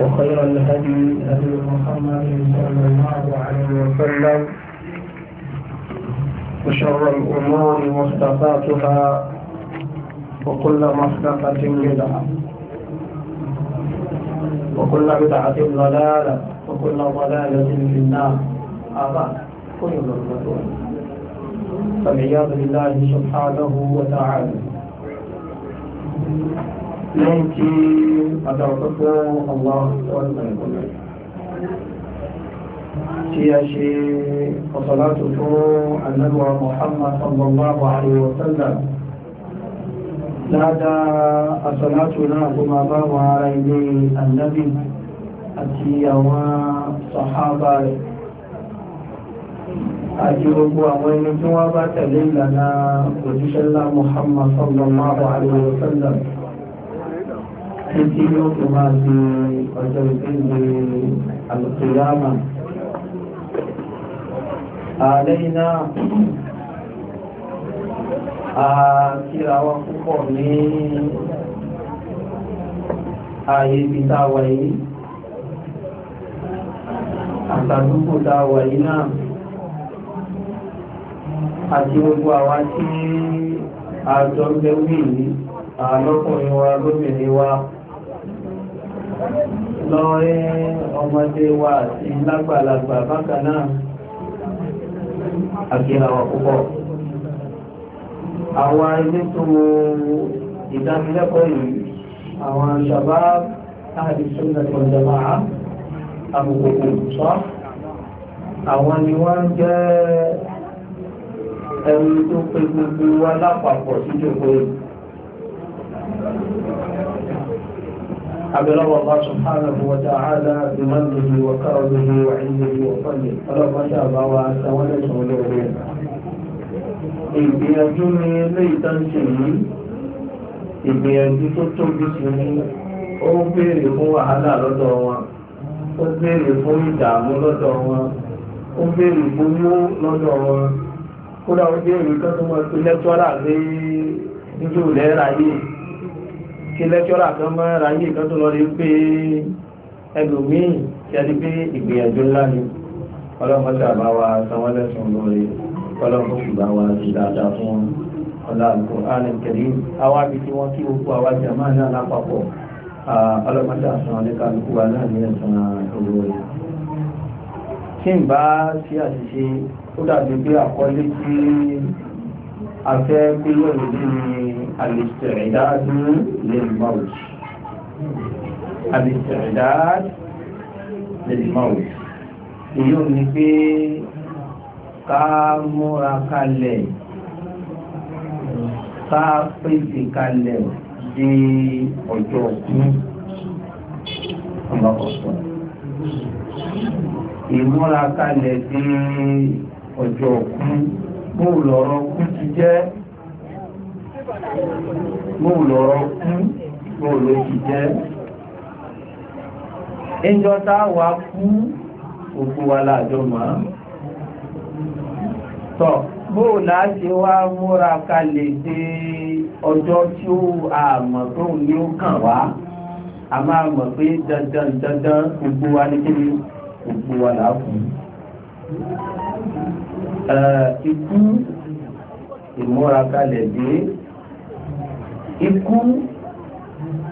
وخير الهدي هدي محمد صلى الله عليه وسلم وشر الأمور محدثاتها وكل محدثة بدعة وكل بدعة ضلالة وكل ضلالة في النار أبا كل ضلالة فالعياذ بالله سبحانه وتعالى lẹ́yìn tí adáwọ̀pẹ́ fún Allah tí a ṣe ọ̀sọ̀látò fún annabuwa Muhammad sallallahu alaihi wasallam dáadáa asọ̀látò náà kó máa bá wọn ara ilé annabi àti àwọn sọ̀hábà rẹ̀ àti gbogbo àwọn ẹni títí yóò fi máa di ọjọ́ ìgbéǹde àlùkìyàmà. Àlẹ́yìn náà, a kíra wa púpọ̀ ní ààyè ibi tá a wà yìí. Àtàdúgbò tá a wà yìí náà, àti gbogbo àwa tí a ń bẹ wí àlọ́kùnrin wa lóbìnrin wa lọ́rin ọmọdé wa àti lágbàlagbà bákan náà àgbéyàwó púpọ̀. Àwọn elétò ìdánilẹ́kọ̀ọ́ yìí, àwọn ṣàbá káàdì sọ́nà ìjọba àmùkòkò sọ́. Àwọn ni wọ́n jẹ́ ẹni tó pe gbogbo wa lápapọ̀ sí ìjọba yìí. àbẹ̀lọ́wọ̀ bá subhanahu wa ta'ala ìmọ̀lẹ́bí wà kárọ̀lẹ́bí wà ìlẹ́bí wà pẹ̀lẹ́ ọlọ́pàá sí ìgbìyànjú ni ilé ìtànṣe yìí ìgbìyànjú tó tóbi sí ni ó béèrè fún wàhálà lọ́dọ̀ wọn ó béèrè fún ìdààmú lọ́dọ̀ wọn ó béèrè fún yó lọ́dọ̀ wọn kódà ó béèrè kí wọ́n lé nítorí lẹ́ra yìí. kí lẹ́kọ́rà kan mọ́ ráyè kan tó lọ rí pé ẹlòmíì ṣẹ́ni pé ìgbìyànjú ńlá ni ọlọ́mọ tí a bá wa sanwó lẹ́sùn lórí ọlọ́mọ tí bá wa sí dáadáa fún ọlọ́mọ alẹ́kẹ̀rí àwa bí tí wọ́n kí gbogbo àwa jẹ́ máa ní alápapọ̀ ọlọ́mọ tí a sanwó lẹ́kàlùkù wa náà ní ẹ̀sán olórí tí ń bá sí àṣìṣe ó dàbí pé àkọlé tí a fẹ́ pé lóòrùn ní الاستعداد للموت الاستعداد للموت ìyóò ní pé ká múra kalẹ̀ ká pèsè kalẹ̀ di ọjọ́ òkú ọlọ́kọ̀ọ́sọ ìmúra kalẹ̀ di ọjọ́ òkú bóòlù ọ̀rọ̀ òkú ti jẹ́ mo lọ kú mo lọ jíjẹ́ ẹjọ́ táwà kú òkú wa láàjọ máa tọ̀ bóò láti wá múra kalẹ̀ dé ọjọ́ tí ó àmọ̀ tó ní ó kàn wá a máa mọ̀ pé dandan dandan gbogbo wa ní kíni gbogbo wa láàkú ikú ìmúra kalẹ̀ dé ikú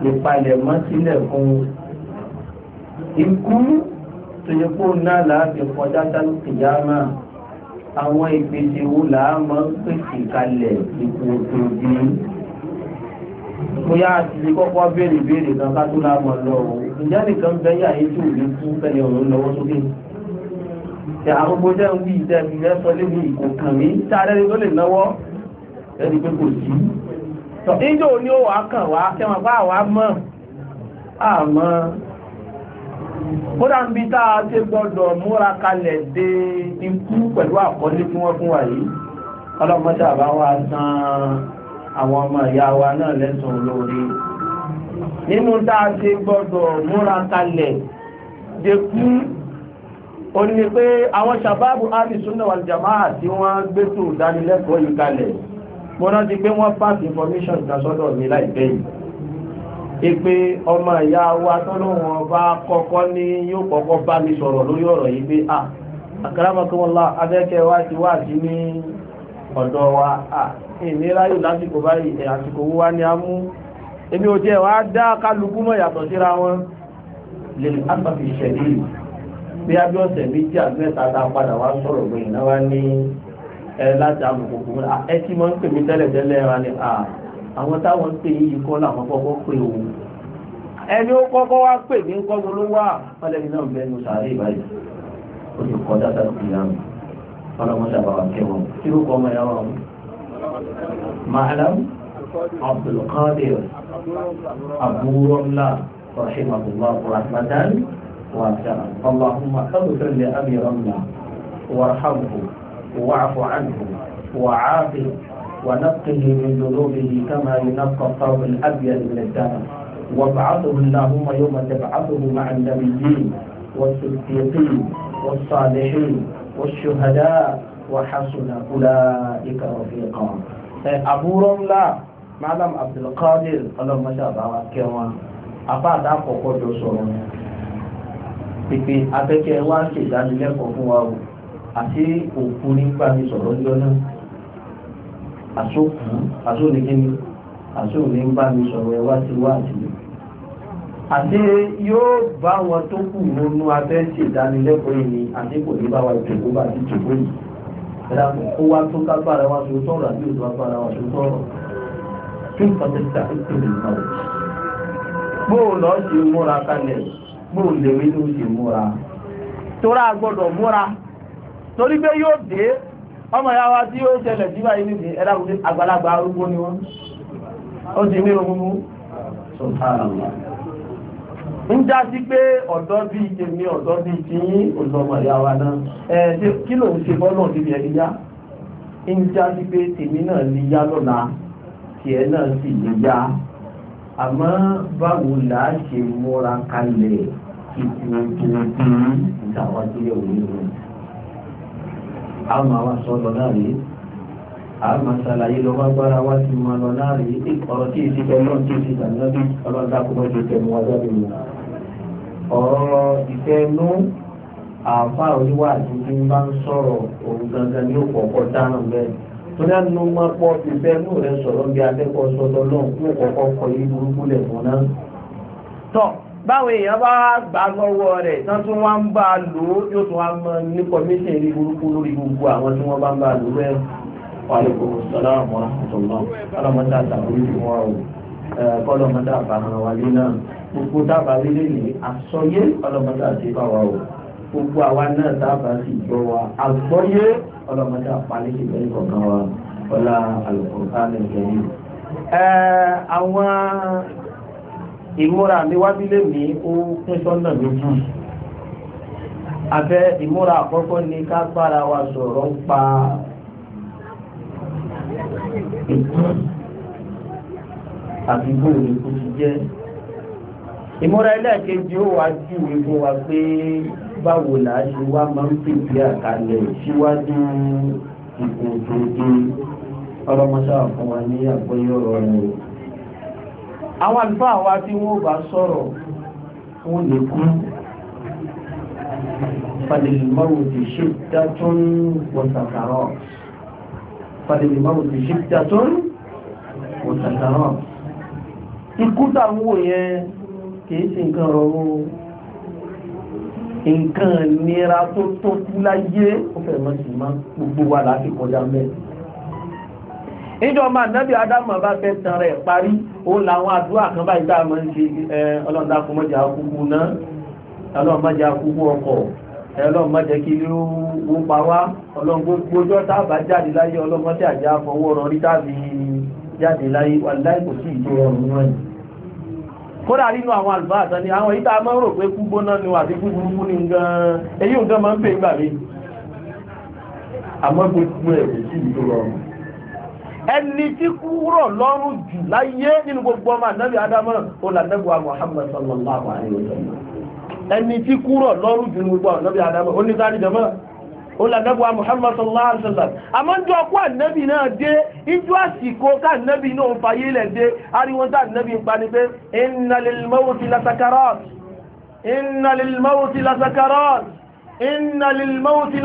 ìpalẹ̀mọ́ sílẹ̀ fún ikú tó yẹ kó náà láàbì kọjá sálùkì yáàmà àwọn ìpèsè wo làámọ́ pèsè kalẹ̀ ikú tó di bóyá àti kọ́kọ́ béèrè béèrè kan ká tó láàmọ́ lọ o ìjà nìkan bẹ́yà yìí tó lè kú fẹ́lẹ̀ ọ̀run lọ́wọ́ sókè tí àwọn gbọ́dọ̀ ń wí ìdẹ́bí rẹ́ sọ lébi ìkò kàn mí tá a rẹ́ni tó lè náwọ́ ẹni pé kò sí níjò ní ó wà kàn wá kẹwàá bá wà mọ́ àmọ́ kódà ń bí tá a ṣe gbọ́dọ̀ múra kalẹ̀ dé ikú pẹ̀lú àkọlé tí wọ́n fún wa yìí ọlọ́mọdé àbá wa san àwọn ọmọ ìyá wa náà lẹ́sùn lórí nínú tá a ṣe gbọ́dọ̀ múra kalẹ̀ dẹkú ó ní pé àwọn sàbáàbù alìsúnà wal jàmáà tí wọ́n gbé tó ìdánilẹ́kọ̀ọ́ yìí kalẹ̀ mo rántí pé wọ́n pass information ìdásọ́dọ̀ mi láìpẹ́ yìí ìpè ọmọ ìyá wa tọ́lọ́wọ́n bá kọ́kọ́ ní yóò kọ́kọ́ bá mi sọ̀rọ̀ lórí ọ̀rọ̀ yìí pé à àkàràmọ́kọ́mọ́lá abẹ́kẹ́ wá ti wá sí ní ọ̀dọ̀ wa à ìníráyò lásìkò báyìí àsìkò owó wá ní a mú èmi ò jẹ́ wá dá kálukú mọ̀ yàtọ̀ síra wọn lè àpapì ìṣẹ̀lẹ̀ bí abíọ̀sẹ̀ méjì àgbẹ̀ta ta padà wá sọ̀rọ̀ gbẹ̀yìn náà wá ní ẹ láti alùpùpù ẹ tí mo ń pè mí tẹ́lẹ̀tẹ́lẹ̀ ra ni àwọn táwọn ń pè yí yìí kọ́ làwọn kọ́kọ́ pè o ẹni ó kọ́kọ́ wá pè ní kọ́gbọ́ ló wà pálẹ́ni náà bẹ́nu sàárè ìbáyìí ó ti kọ́ dáadáa sí ìlànà ọlọ́mọdé àbáwá kẹwọn kí ló kọ́ ọmọ ẹ̀yà wọn. Ma'alam Abdulkadir Aburullah rahimahullah rahmatan wa ta'ala Allahumma kabir li abi ramla warhamhu واعف عنه وعافه ونقه من ذنوبه كما ينقى الثوب الابيض من الدم وابعثه اللهم يوم تبعثه مع النبيين والصديقين والصالحين والشهداء وحسن اولئك رفيقا ابو رملا معلم عبد القادر اللهم شاء الله كما àbáàdá àkọ́kọ́ jọ sọ̀rọ̀ pípé abẹ́kẹ́ wá ṣèdánilẹ́kọ̀ọ́ fún wa o àti òkú nípa mi sọ̀rọ̀ ńjọ́ náà àsókù àsónìkíni àsóòní ń bá mi sọ̀rọ̀ ẹwà tí wá àti mi àti yóò bá wọn tó kù nínú abẹ́ sí ìdánilẹ́kọ̀ọ́ yìí ni àti kò ní bá wa ìjòkó bá ti jòkó yìí ẹ̀dá kó wá tó kágbára wa tó tọ̀rọ̀ àbí òtò agbára wa tó tọ̀rọ̀ tí nǹkan ti ta ìpínlẹ̀ náà bóò lọ́ọ́ ṣe múra kalẹ̀ bóò lèwe ló ṣe múra tó rà gbọ́dọ̀ múra torí pé yóò dé ọmọ ìyá wa tí yóò ṣẹlẹ̀ sí báyìí nìdí ẹ̀dàkùn àgbàlagbà arúgbó ni wọ́n ó ti ní ohunmú ń já sí pé ọ̀dọ́ bí ike mi ọ̀dọ́ bí ike yín òṣù ọmọ ìyá wa náà ẹ̀ kí lòun ṣe bọ́lọ̀ níbi ẹni yá ń já sí pé tèmi náà lè yá lọ́la tiẹ̀ náà sì lè yá àmọ́ báwo là á ṣe múra kalẹ̀ ìpinnu ìpinnu ìdáwọ́dé òní rẹ̀ a máa wá sọ lọ náà rí a máa ṣàlàyé lọ wá gbára wá sí máa lọ náà rí ọ̀rọ̀ tí èsì bẹ́ẹ̀ náà tó ti dànù bí ọlọ́run dákúmọ́ ju tẹnu wá jáde mi. ọ̀rọ̀ ìfẹ́nú àfa oníwà àti tí ń bá ń sọ̀rọ̀ òun gangan ní òpò ọ̀pọ̀ dáná bẹ́ẹ̀ tó náà nínú wọn pọ̀ ìfẹ́nú rẹ̀ sọ̀rọ̀ bí akẹ́kọ̀ọ́ sọ́dọ̀ náà fún ọ̀pọ̀ kọ báwọn èèyàn bá gbà lọ́wọ́ rẹ̀ tán tún wá ń bá lò ó yóò tún wá mọ ní kọmíṣẹ̀ ní burúkú lórí gbogbo àwọn tí wọ́n bá ń bá lò rẹ̀ wàlúkọ̀ sọ́láàmù àtọ̀lọ́ ọlọ́mọdé àtàwọn ìwọ̀n kọlọ́mọdé àbàmọ̀ wálé náà gbogbo dábàá lílé ní àsọyé ọlọ́mọdé àti báwa o gbogbo àwa náà dábàá sì ìmúra níwájú lè ní ó pín sọ́nà lójú abẹ́ ìmúra àkọ́kọ́ ni ká gbára wa sọ̀rọ̀ ń pa ìkú àti bóòlù kò ti jẹ́ ìmúra ẹlẹ́ẹ̀kejì ó wá júwe fún wa pé báwo là á ṣe wá máa ń pèsè àkàlẹ̀ síwájú ìkòtòdó ọlọ́mọṣáà fún wa ní àgbọ́yọ̀rọ̀ rẹ̀ àwọn àlùfáà wa tí wọ́n bá sọ̀rọ̀ wọ́n lè kú fàdìlìmọ́wò ti ṣe dátún wọ̀sàkàrọ̀ fàdìlìmọ́wò ti ṣe dátún wọ̀sàkàrọ̀ ikú tàwọ̀ yẹn kìí sí nǹkan rọrùn nǹkan nira tó tó kú láyé ó fẹ́ mọ́ sí máa gbogbo wa láti kọjá mẹ́rin níjọ́ máa nẹ́bí adámọ̀ bá fẹ́ tan rẹ̀ parí ó làwọn àdúrà kan báyìí tá a máa ń ṣe ọlọ́dà kò mọ́jà kúkú náà ọlọ́mọjà kúkú ọkọ̀ ẹlọ́mọjẹ kí ló wó pa wá ọlọ́gbójọ́ tábà jáde láyé kódà nínú àwọn àlùfáàtà ni àwọn ìta máa ń rò pé kú gbóná ni àti kú burúkú ni gan èyí nǹkan máa ń pè gbà mí àmọ́ gbogbo ẹ̀ sí ìjọ ọ̀run ẹni tí kúrọ̀ lọ́rùn jù láyé nínú gbogbo ọmọ ànábì adámọ́ olàdẹ́gbà Muhammad sallallahu alayhi wa sallam ẹni tí kúrọ̀ lọ́rùn jù gbogbo ànábì adámọ́ oníkàní jẹmọ́ olàdẹ́gbà Muhammad sallallahu alayhi wa sallam àmọ́ jọ kó ànábì náà dé ijú àsìkò ká ànábì náà ń fayé lẹ̀ dé ariwo tá ànábì ń pa pé inna lil mawti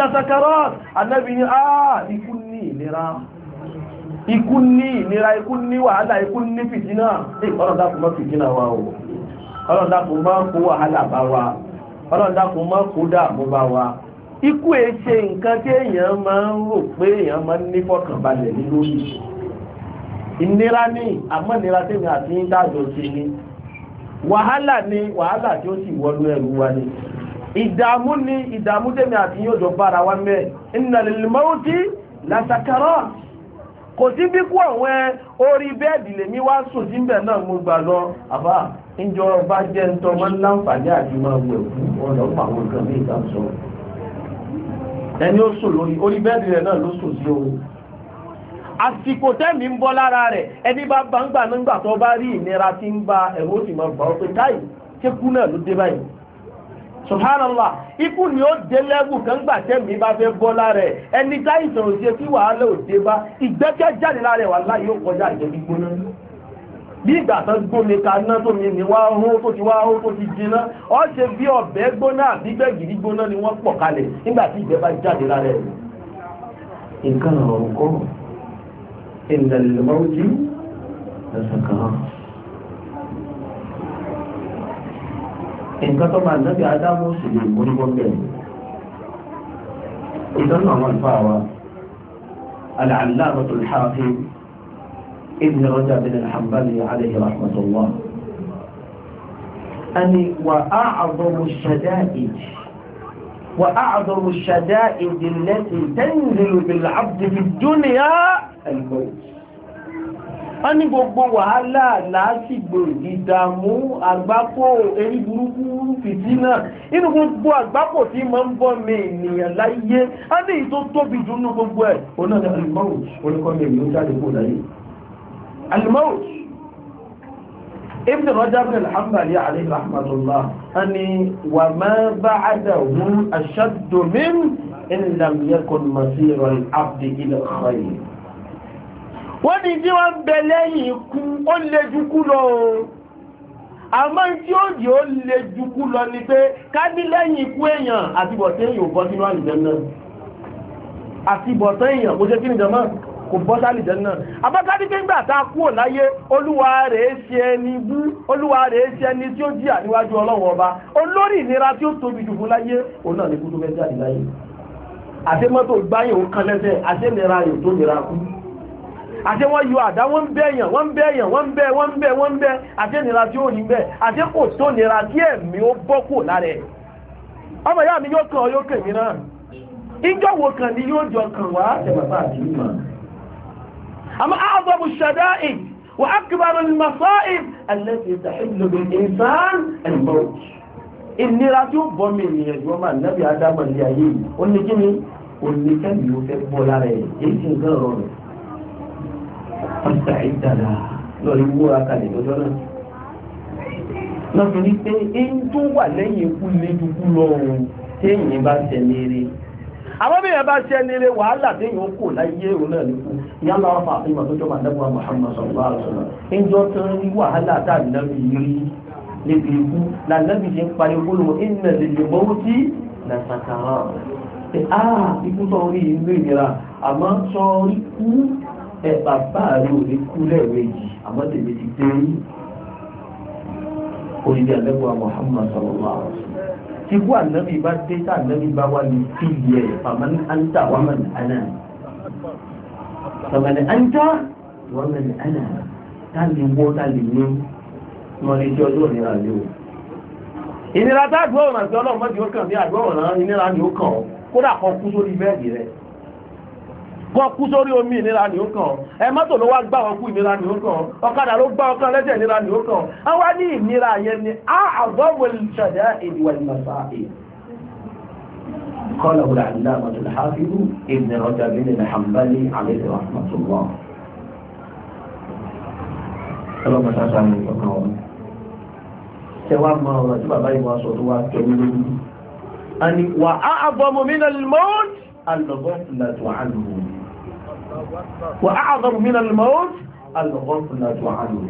la ikú ní ìnira ikú ní wàhálà ikú ní fìtínà ọlọ́dàkùn mọ́ fìtínà wa o ọlọ́dàkùn mọ́ kó wàhálà bá wa ọlọ́dàkùn mọ́ kó dààmú bá wa ikú è e ṣe nǹkan tí èèyàn máa ń rò pé èèyàn máa ń ní fọkànbalẹ̀ ní lórí ìnira ní àmọ́nira ìnira àti ń dájọ́ sí wàhálà ni wàhálà tí ó sì wọnú ẹrù wa ni ìdààmú ni ìdààmú bára wa mẹ́ kò sí bí kú àwọn orí bẹ́ẹ̀dì lèmi wá sùn sí bẹ̀ náà mo gbà lọ àbá ìjọ ọba jẹ́ ń tọ́ máa ń láǹfààní àti máa wù ẹ̀kú ọlọ́pàá àwọn nǹkan ní ìta sọ ẹni ó sùn lórí orí bẹ́ẹ̀dì rẹ̀ náà ló sùn sí ohun àsìkò tẹ́mi ń bọ́ lára rẹ̀ ẹni bá bá nígbà tó bá rí ìnira tí ń ba ẹ̀rọ sì máa gbà ó pé táì ṣé náà ló dé báyìí subhanallah ikú ni ó dé lẹ́gùn kan gbà tẹ́mi bá fẹ́ bọ́ lára ẹ̀ ẹni tá ìsọ̀rọ̀ sí kí wàhálà ò dé bá ìgbẹ́kẹ̀jáde lára ẹ̀ wà láyé ó kọjá ìjẹ́ gbígbóná bí ìgbà tó gbómi kaná tó mi ní wá ohun tó ti wá ohun tó ti jiná ó ṣe bí ọ̀bẹ gbóná àbí gbẹ̀gìrì gbóná ni wọ́n pọ̀ kalẹ̀ nígbà tí ìjẹ́ bá jáde lára ẹ̀ nǹkan ọ̀rọ̀ kọ́ ìlẹ̀lẹ̀ mọ́jú ẹ̀sẹ̀ kan nǹkan tó máa nàbí adámú sì lè múlùmọ́ bẹ́ẹ̀ ìdánù العلامة الحافظ ابن رجب بن الحنبلي عليه رحمة الله أني وأعظم الشدائد وأعظم الشدائد التي تنزل بالعبد في الدنيا الموت wọ́n ní gbogbo wàhálà lásìgbò ìdààmú àgbákò erí burúkú fìtínà inú gbogbo àgbákò tí ma ń bọ́ mi ènìyàn láyé a ní ìtó tóbi jù nínú gbogbo ẹ̀ onáà ní alimọ́ọ̀tì oníkọ́ mi ènìyàn jáde kó láyé alimọ́ọ̀tì ibn rajab bin al-hanbali alayhi rahmatullah wọ́n ní tí wọ́n bẹ lẹ́yìn ikú ó lè jùkú lọ ooo àmọ́ tí ó yìí ó lè jùkú lọ ni pé ká ní lẹ́yìn ikú èèyàn àtibọ̀tẹ́ èèyàn ò bọ́ sínú àlùjànnà àtibọ̀tẹ́ èèyàn kò ṣe kí ni jọmọ́ kò bọ́ sálìjànnà abákádé pé ńgbà tá a kúrò láyé olúwa rẹ̀ ṣe ẹni bú olúwa rẹ̀ ṣe ẹni tí ó jìyà níwájú ọlọ́run ọba olórí ìnira tí ó tóbi jù àti wọ́n yọ àdá wọ́n bẹ́yàn wọ́n bẹ́yàn wọ́n bẹ́ wọ́n bẹ́ wọ́n bẹ́ àti ìnira tí ó ní bẹ́ àti kò tó nira kí ẹ̀mí ó bọ́ kò lára ẹ̀ ọmọ ìyá mi yóò kàn ọ yóò kàn mí náà ìjọ wo kàn ní yóò jọ kàn wá tẹ̀bàbà àti ìmọ̀ àmọ́ àbọ̀bù ṣẹ̀dá ì wà á kí bàbá mi máa sọ ì alẹ́sì ìtàhìlò bí ìsán ẹ̀mọ́ ìnira tí ó bọ́ mi ìyẹn jù ọmọ ànábì adámọ̀ ní ayé yìí ó ní kí ni òní kẹ́mi ó fẹ́ bọ́ lára ẹ̀ èyí sì ń kàn rọrùn ọ̀sà ìdàlà lọ ìwú akalẹ̀ lọ́jọ́ náà lọ́sọ̀rí pé èyí tó wà lẹ́yìn ikú léjúkú lọ́rùn téèyàn bá ṣẹlẹ̀ rẹ̀ àwọn mìíràn bá ṣẹlẹ̀ rẹ̀ wàhálà téèyàn kò láyé òun náà nípò ìyá máa ń àfihàn tó jọba àdẹ́gbà Muhammad sallallahu alaihi wasallam ẹjọ́ ah, tó ń rí wàhálà táàbí náà fi rí níbi ikú lànàbì ṣe ń parí gbólóhùn ìnà lèlè mọ́wútí nà sàkàrà pé áà ikú sọ orí ìlú ìnira àmọ́ sọ ikú ẹ bàbá rẹ̀ ò ní kú lẹ́ẹ̀mejì àmọ́ tèmi ti dé rí orílẹ̀ àdẹ́gbà Muhammad sallallahu alaihi wasallam tí kú ànábì bá dé tá ànábì bá wà ní fíìlì ẹ̀ fàmán áńtà wàmán àná fàmán áńtà wàmán àná tá lè wọ́ tá lè ní wọn lè jẹ́ ọjọ́ ìnira lé o ìnira tá àgbọ̀ ọ̀ràn sí ọlọ́run mọ́jú ó kàn sí àgbọ̀ ọ̀ràn ìnira ni ó kàn ọ́ kódà kan kú sórí bẹ́ẹ̀dì rẹ̀ kọ́ kú sórí omi ìnira ni ó kàn ẹ ló wá gbá wọn ìnira ni ó kàn ọ̀kadà ló gbá ọkàn lẹ́jẹ̀ ìnira ni ó kàn á wá ní ìnira yẹn ni á àbọ̀wò ìṣẹ̀dá ìdìwà ìmọ̀sá ابن رجب الحنبلي عليه رحمة الله ọlọ́mọ sáṣà ní ọkàn wọn tẹ wá mọ ọ̀rọ̀ tí bàbá ìwà sọ tó wá a ni wà á àbọ̀mọ̀mí náà lọ́wọ́ àlọ́gbọ́n láti wà á lọ́wọ́ wà á àgbàmù mí lọ́lọ́mọ́ ó alùpùpù náà tó hàn ní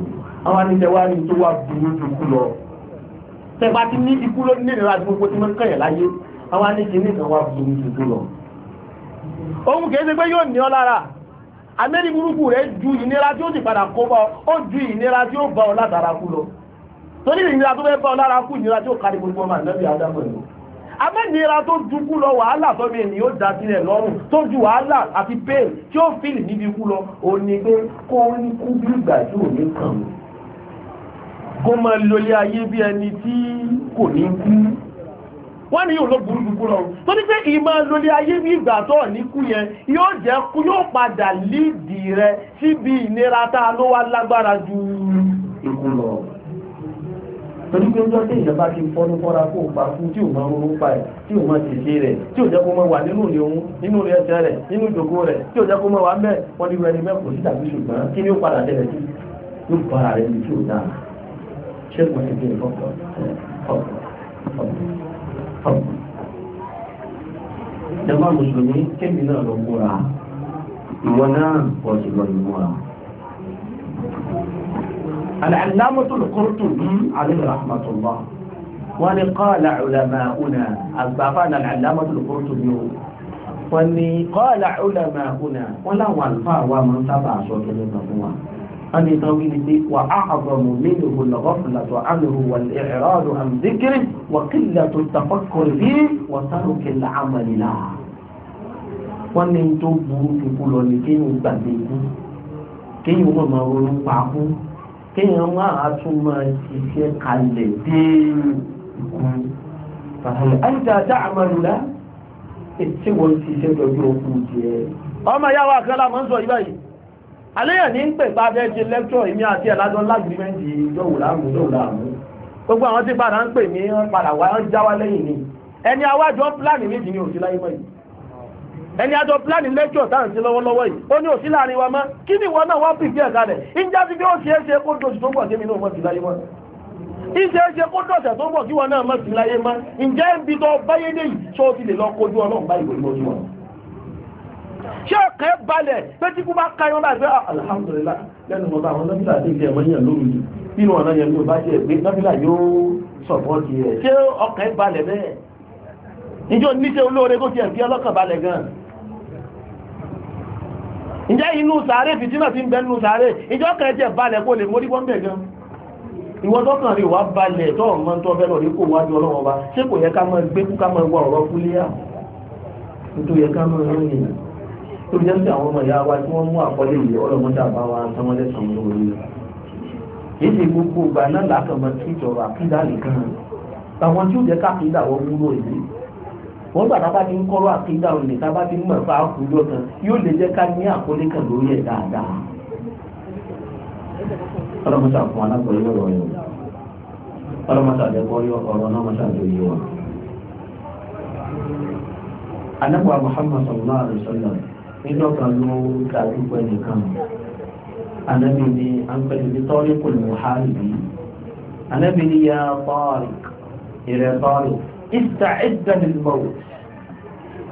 àwọn àníjẹ́ wá ní tó wà burú ju kú lọ tẹ̀bá ti ní ikú ló ní ìrìnàjò gbogbo tí wọ́n kẹ̀yẹ̀ láyé àwọn àníjẹ́ ní ìkan wà burú ju kú lọ ohun kìí ṣe pé yóò ní ọ lára amẹ́rí burúkú rẹ̀ ju ìnira tí ó sì padà kó bá ó ju ìnira tí ó bá ọ látara kú lọ torí ìnira tó fẹ́ bá ọ lára kú ìnira tí ó kárí gbogbo ọmọ ànábì adámọ̀ ìlú amẹ́nira tó dúkú lọ wàhálà tó mi ènìyàn dá sílẹ̀ lọ́rùn tó ju wàhálà àti pain tí ó fìlì níbi kú lọ ò ní pé kó ní kú bí ìgbà tí ò ní kàn mí kó máa lólé ayé bí ẹni tí kò ní kú wọ́n ní yóò ló burú dúkú lọ tó ní pé ìmọ̀ lólé ayé bí ìgbà tó ní kú yẹn yóò jẹ́ kú yóò padà lídìí rẹ síbi ìnira tá a ló wá lágbára ju ikú lọ torí pé ọjọ́ tí ìjọba ti fọ́nú fọ́ra kó pa fún tí ò máa ń ronú pa ẹ̀ tí ò máa tètè rẹ̀ tí ò jẹ́ kó máa wà nínú ilé òun nínú ilé ẹsẹ̀ rẹ̀ nínú ìdòkó rẹ̀ tí ò jẹ́ kó máa wà ń wọ́n ní wẹ́ni mẹ́kò sí tàbí ṣùgbọ́n kí ni ó padà tẹ̀lẹ̀ sí yóò para rẹ̀ ní tí ò dáa ṣé kò ti gbé ìfọ́kọ̀ ìjọba mùsùlùmí kébì náà ló múra ìwọ náà pọ̀ jùlọ ìmúra العلامة القرطبي عليه رحمة الله ولقال علماؤنا أصبحنا العلامة القرطبي ولقال علماؤنا ولو الفاوى من سبع صوت للنبوة أن طويل وأعظم منه الغفلة عنه والإعراض عن ذكره وقلة التفكر فيه وترك العمل له wọ́n ní tó burú kíkú lọ ní kéyìn gbàgbé kú kéyìn wọ́n máa ronú pa kéèyàn máa tún máa ṣiṣẹ́ kalẹ̀ dé ìkún àìsà dáàmàlùlá ètí wọ́n ṣiṣẹ́ lọ́jọ́ òkú jẹ́ ọmọ yàwó àkàlà mọ́ ń sọ ibà yìí aléyàn ní ń pè bá fẹ́ ṣe lẹ́kṣọ̀ ìmí àti ẹ̀lájọ́ lágbìmẹ́ntì ìjọ́wòláàmù lọ́wòláàmù gbogbo àwọn tí padà ń pè mí padà wá ń ni ẹni awájọ́ pláàni méjì ni òṣìláyé mọ́ yìí ẹni àjọ pílánì lẹ́kọ̀ọ́ táwọn ti lọ́wọ́lọ́wọ́ yìí ó ní òsí láàrin wa mọ́ kí ni ìwọ náà wọ́n pìpì ẹ̀ka rẹ̀ ìjà ti bí ó ṣe é ṣe kó dòṣù tó pọ̀ kémi náà wọ́n ti láyé mọ́ ìṣe é ṣe kó dọ̀sẹ̀ tó pọ̀ kí wọn náà mọ̀ sí láyé mọ́ ǹjẹ́ ibi tó báyé lè yìí ṣó ti lè lọ kojú ọlọ́run bá ìwé ìmọ̀ ojúmọ́ ṣé ọkẹ́ balẹ̀ pé tí kú bá ká yọ́n láti pé ah, alhamdulillah lẹ́nu mọ́ bá àwọn nọ́bílà tí ìdí ẹ̀mọ́ yàn lórí nínú ọ̀nà yẹn ló bá jẹ́ pé nọ́bílà yóò sọ̀pọ̀tì rẹ̀ ṣé ọkẹ́ balẹ̀ bẹ́ẹ̀ níjọ́ níṣẹ́ olóore kó ti ẹ̀fí ọlọ́kàn balẹ̀ gan-an ǹjẹ́ inú sàárè fìtínà ti ń bẹ sàárè ìjọ kẹjẹ balẹ̀ kó lè mórí wọ́n bẹ̀ gan ìwọ́n tọ́kàn rí wá balẹ̀ tọ́ ọmọ tó fẹ́ lọ́rí kó wájú ọlọ́wọ́ bá ṣé kò yẹ ká mọ́ gbé kú ká mọ́ wá ọ̀rọ̀ kúlíyà tó yẹ ká mọ́ rán wọ́n gbà tá bá ti ń kọ́rọ́ àkídà òní tá bá ti ń mọ̀fà àkùjọ kan yóò lè jẹ́ ká ní àkọlé kan lórí ẹ̀ dáadáa. ọlọ́mọṣà fún alágbọ̀n yóò rọ yọ ọlọ́mọṣà jẹ́kọ́ yọ ọ̀rọ̀ náà jẹ́ yé wa. anábọ̀ Muhammad sallallahu alaihi wasallam nínú ọ̀kan ló dájú pẹ́ nìkan anábì ni à ń pẹ̀lú ní tọ́rí kò lè mú hàlì bí anábì ni yá tọ́rí ìrẹ́ tọ́rí استعد للموت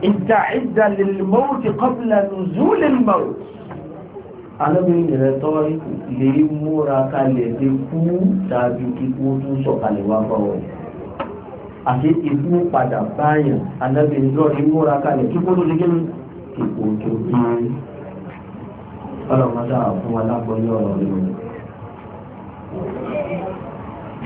استعد للموت قبل نزول الموت alábìnrin rẹ̀ tọ́ lè múra kalẹ̀ lè kú dájú kíkú tún sọ̀kalẹ̀ wá bá wọn àti ikú padà báyàn alábìnrin lọ rí múra kalẹ̀ kíkú tó lékè ní ipò tó bí ọlọ́mọdá fún alábọ́lé ọ̀rọ̀ rẹ̀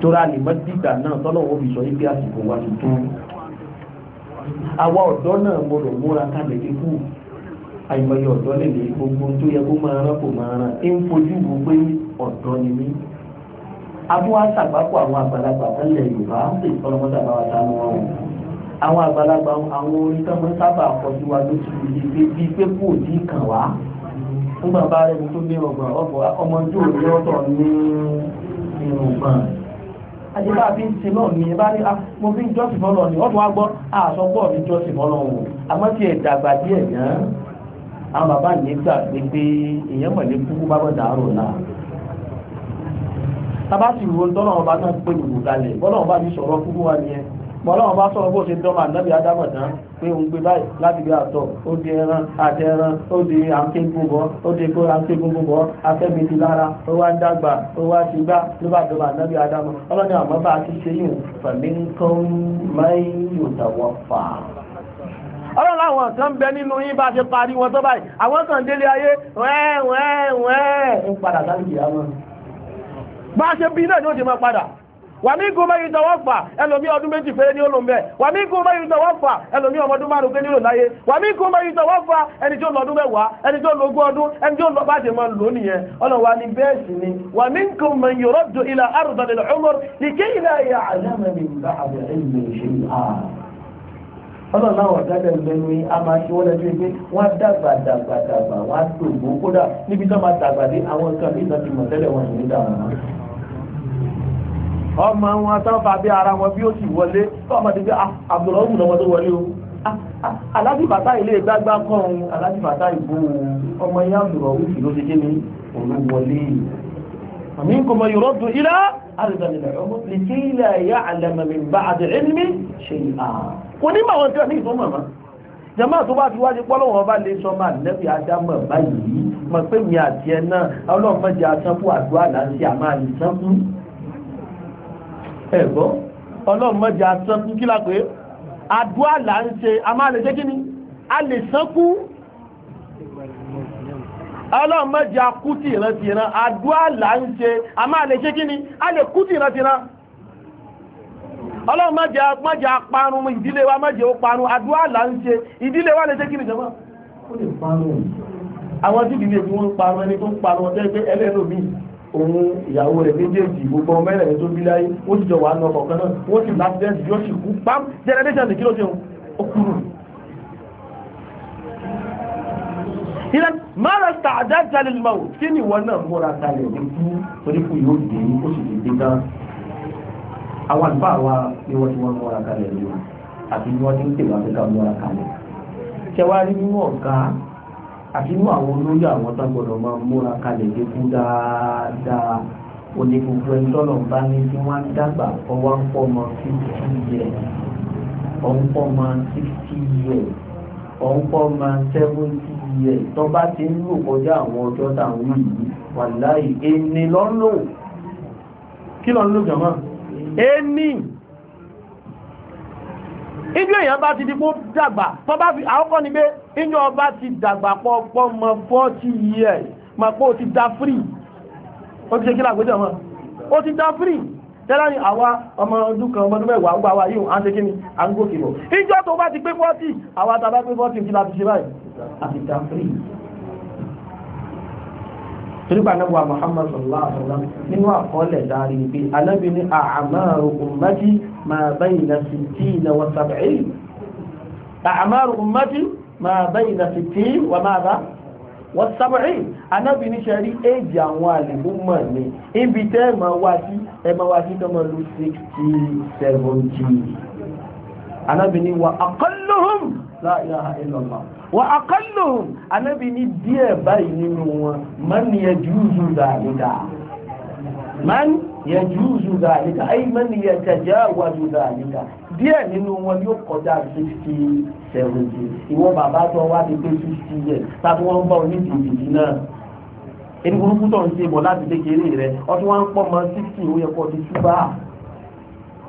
tora lè mọ́ dìgbà náà tọ́lọ́wọ́ fi sọ ibi àsìkò wa ti tó àwa ọ̀dọ́ náà mo rò múra kalẹ̀ kíkú àìmọye ọ̀dọ́ lè lè gbogbo tó yẹ kó máa rán kò máa rán ẹ ń fojú wo pé ọ̀dọ́ ni mí abúwá sàgbákò àwọn àgbàlagbà tẹ́lẹ̀ Yorùbá sì ọlọ́mọdé àbáwá sánú wọn o àwọn àgbàlagbà àwọn orin tó máa sábà kọ sí wa lóṣù yìí pé bí pé kò tí ì kàn wá fún bàbá rẹ tó ní ọgbà ọmọ ojú òní ọ̀tọ̀ ní irun gbọ̀n àjẹ́bá fi ń ṣe náà ní ẹbá ah, ní mo fi ń jọ́sìn mọ́ lọ ní wọ́n tún wá gbọ́ àṣọpọ̀ ah, mi jọ́sìn mọ́ lọ wò àmọ́ tí ẹ̀ dàgbà díẹ̀ náà àwọn bàbá mi gbà pé pé èèyàn mọ̀ ní kúkú bá bọ̀ dàárò náà tábà sì wo tọ́lọ́wọ́n bá tán pé gbogbo kalẹ̀ bọ́lọ́wọ́n bá mi sọ̀rọ̀ kúkú wa nìyẹn mọ́lọ́wọ́n bá sọ̀rọ̀ bó ṣe dọ́mà lẹ́bí adámọ̀dán pé òun gbé báyìí láti bí àtọ̀ ó di ẹran àti ẹran ó di àǹké gbogbo ó di kó àǹké gbogbo afẹ́mi ti lára ó wá ń dàgbà ó wá ti gbá ló bá dọ́mà lẹ́bí adámọ̀ ọlọ́ni àmọ́ bá ti ṣe yìí fẹ̀mí ń kọ́ mẹ́yìn òdàwọ̀ fà ọlọ́run àwọn kan bẹ nínú yín bá ṣe parí wọn tó báyìí àwọn kan wà ní ìgbó báyìí tọwọ́ fà ẹlòmí ọdún méjì péré ní olóńbẹ wà ní ìgbó báyìí tọwọ́ fà ẹlòmí ọmọ ọdún márùn pé nílò láyé wà ní ìgbó báyìí tọwọ́ fà ẹni tí ó lọ ọdún mẹ́wàá ẹni tí ó lọ ogún ọdún ẹni tí ó lọ bájẹ máa lò nìyẹn ọlọ́wà ní bẹ́ẹ̀ sì ni wà ní nǹkan mọ̀ yọ̀rọ̀ dùn ilà àrùbọ̀dẹ̀lẹ̀ ọmọ nìké ilà ẹ̀yà ọlọ́run náà ọmọ wọn tán fà bí ara wọn bí ó sì wọlé ọmọ ti fi àbúrò òun lọ́mọ tó wọlé o ah, ah, aláàjì bàtà ilé gbágbá kan òun aláàjì bàtà ìbò ọmọ yá àbúrò òun sì ló ṣe kéde òun wọlé àmì ń kọmọ yòrò dùn ilá àrùdànilẹ̀ ọmọ lè ṣe ilẹ̀ ẹ̀yà àlẹ́mọ̀mí bá àdìrẹ́ ní ṣe ìhà kò ní màwọn tí wọ́n ní ìfọ́mọ̀ mọ́ jama tó bá fi wájú pọ́lọ́wọ́n bá lè sọ máa nẹ́bí adámọ̀ báyìí mọ̀ pé mi àti ẹ náà ọlọ́run mọ̀jẹ̀ asánfù àdúrà láti àmà àlìsánfù ẹ̀gbọ́ ọlọ́run mọ́jà asán kí lápé àdúrà là ń ṣe a máa lè jẹ́ kí ni a lè sánkú ọlọ́run mọ́jà kú tí ìran ti ìran àdúrà là ń ṣe a máa lè jẹ́ kí ni a lè kú tí ìran ti ìran ọlọ́run mọ́jà mọ́jà parun ìdílé wa mọ́jà ó parun àdúrà là ń ṣe ìdílé wa lè jẹ́ kí ni jọmọ́ àwọn tí ìdílé tí wọ́n parun ẹni tó parun ọjọ́ ẹgbẹ́ ẹlẹ́rọ míì òun ìyàwó rẹ̀ méjèèjì gbogbo ọmọ ẹ̀rẹ̀ tó bí láyé ó sì jọ wà ní ọkọ̀ kan náà wọ́n sì láti dẹ́sì yóò sì kú pam generation kí ló ṣe ó kúrò. ilẹ̀ mara ta àdájá lè máa kí ni ìwọ náà múra kalẹ̀ ní kú torí kú yóò dé ó sì dé dán àwọn àlùfáà wa ni wọ́n ti wọ́n múra kalẹ̀ ní àti wọ́n ti ń tèwà fẹ́ ká múra kalẹ̀ ṣẹwàá rí nínú ọ̀gá àti inú àwọn olóyè àwọn tágbọ̀dọ̀ máa ń múra kalẹ̀ lékún dáadáa onígbogbo ẹni tọ́lọ̀ ń bá ní tí wọ́n á dàgbà ọwọ́ ń pọ̀ mọ́ fifty years ọ̀ ń pọ̀ mọ́ sixty years ọ̀ ń pọ̀ mọ́ seventy years tó bá ti ń lò kọjá àwọn ọjọ́ táwọn yìí wàláì ẹni lọ́ ń lò kí lọ́ ń lò jọ̀mọ́ ẹni ibi èèyàn bá ti di kó dàgbà tó bá fi àwọn kọ́ ni pé ìjọ ọba ti dàgbà pọ̀pọ̀ mọ fọ́ọ̀tì years mọ̀ pé ó ti da free ó ti ṣe kí làgbéjọ mọ́ ó ti da free tẹ́lá ní àwa ọmọ ọdún kan ọmọdún mẹ́wàá gbà wá yóò án ṣe kí ni à ń gòkè lọ ìjọ tó bá ti pé fọ́ọ̀tì àwa tá a bá pé fọ́ọ̀tì kí la ti ṣe báyìí àti da free Muhammad sallallahu alaihi wasallam nínú àkọọ́lẹ̀ dárí pé anábì ní àmàrù ummati ma bayna sittina wa sab'in ummati ma bayna fitin wa ma bá wọ́n sábàrí anábì ní sẹ́rí éèjì àwọn àlèbú mọ̀ ní ibi tẹ́ ẹ máa wá sí ẹ máa wá sí tọmọ lu sixty seventy anábì ní wa aqalluhum la ilaha illallah wa aqalluhum anábì ní díẹ̀ báyìí nínú wọn man yajuzu dáadáa man yajuzu dhalika ay man yatajawazu dhalika díẹ̀ nínú wọn yóò kọjá sixty seventy ìwọ bàbá tó wá ti pé sixty years tàbí wọ́n ń bá onídìbìdì náà ẹni burúkú tó ń ṣe bọ̀ láti kékeré rẹ ọdún wọn ń pọ̀ mọ́ sixty ó yẹ kó ti túbà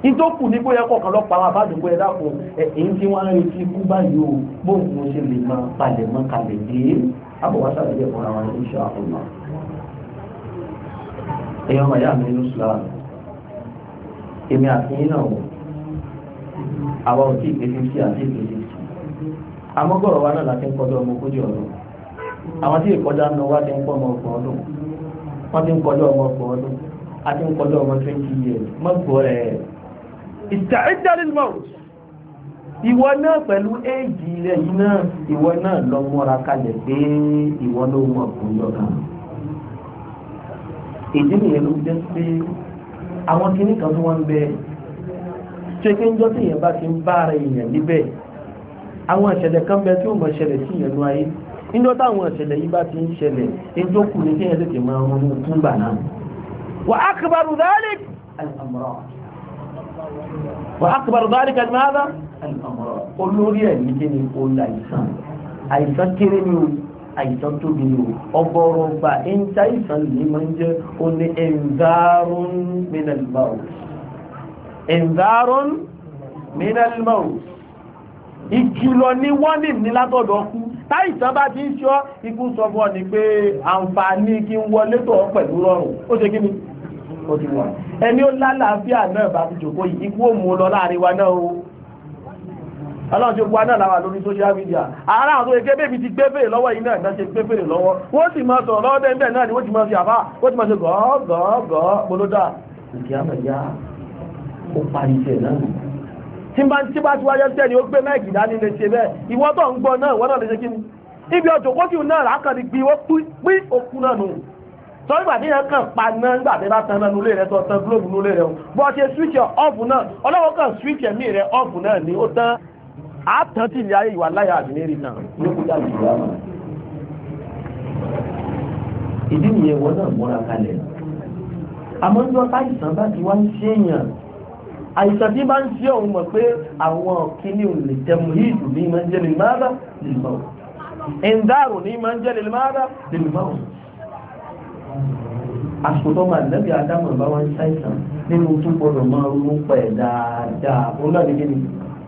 ìtòkù ní bóyá kọ̀ọ̀kan lọ́pàá àwọn àbájọpọ̀ ẹ̀dá kan ẹ̀yìn tí wọ́n ń retí kú báyìí o bóun mo ṣe lè máa palẹ̀ mọ́ kalẹ̀ dé àbọ̀wá sàlẹ̀ ẹ̀kọ́ ara wọn ní ìṣọ́ àfọ̀mọ́. ẹ̀yọ́ ọmọ ìyá mi nínú sùlá èmi àti yín náà wò àwa ò tí àti wa náà láti ń kọjá ọmọ ogójì ọdún àwọn tí ìkọjá ń lọ wá ti ń pọ̀ ọmọ ti ń a ti ìwọ náà pẹ̀lú éèjì yìí náà ìwọ náà lọ mọ́ra kalẹ̀ pé ìwọ ló mọ̀ kan. ìdí nìyẹn ló jẹ́ pé àwọn kinní kan tó wọ́n ń bẹ ṣé kí ń jọ́ tí èèyàn bá ti ń bá ara èèyàn níbẹ̀ àwọn ìṣẹ̀lẹ̀ kan bẹ tí ó mọ̀ ṣẹlẹ̀ sí ìyẹn nú ayé níjọ́ táwọn ìṣẹ̀lẹ̀ yìí bá ti ń ṣẹlẹ̀ ẹjọ́ kù ní kéèyàn tètè máa ronú fún gbà náà wà á kìbàrù dáálì alàmọ́rọ̀ olórí ẹ̀ ní kí ni ó láìsàn àìsàn kéré ní orí àìsàn tóbi ni ọgbọ́rọ̀ gba ẹnjá ìsàn yìí máa ń jẹ́ ó ní ẹ̀ǹdàrún mínàlmáwò ẹ̀ǹdàrún mínàlmáwò ìkìlọ̀ ni wọ́n ní látọ̀dọ̀ kú táìsàn bá ti ń ṣọ́ ikú sọ ni pé àǹfààní kí ń wọlé tọ̀ ọ́ pẹ̀lú rọrùn ó ṣe kí ni ó ti wọ̀ ẹni ó aláwọ̀ tí ó pa náà láwà lórí social media ara àwọn ẹgbẹ́ bèbí ti gbé bèrè lọ́wọ́ iná ìgbà ṣe gbé bèrè lọ́wọ́ wọ́n sì máa sọ̀rọ̀ lọ́wọ́ bẹ́ẹ̀ náà ni wọ́n ti máa fi àbá wọ́n ti máa ṣe gọ́ọ̀gọ́ọ̀gọ́ polódà ìkí àmàyá ó parí iṣẹ́ náà tí bá ni ó gbé máìkì dání lè ṣe bẹ́ẹ̀ ìwọ tó ń gbọ́ náà ìwọ náà lè ṣe ni ibi ọjọ́ kó tìun náà rákàdí gbí ó pí òkú náà nù ni ó àtàn tí ilé ayé ìwà láyà àdínérì náà ló kú jáde ìwà náà ìdí nìyẹn wọn náà múra kalẹ̀ àmọ́ ní ọ̀tá ìsàn bá ti wá ń ṣe èèyàn àìsàn tí bá ń ṣe òun mọ̀ pé àwọn kíní ò lè tẹmu yìí dùn ní máa ń jẹ́ lè máa bá lè máa wò ẹ̀ńdàrò ní máa ń jẹ́ lè máa bá lè máa wò àsòtọ́ máa lẹ́bí adámọ̀ bá wá ń ṣàìsàn nínú tó gbọdọ̀ máa ronú pẹ̀ dáadáa òun náà ní kíni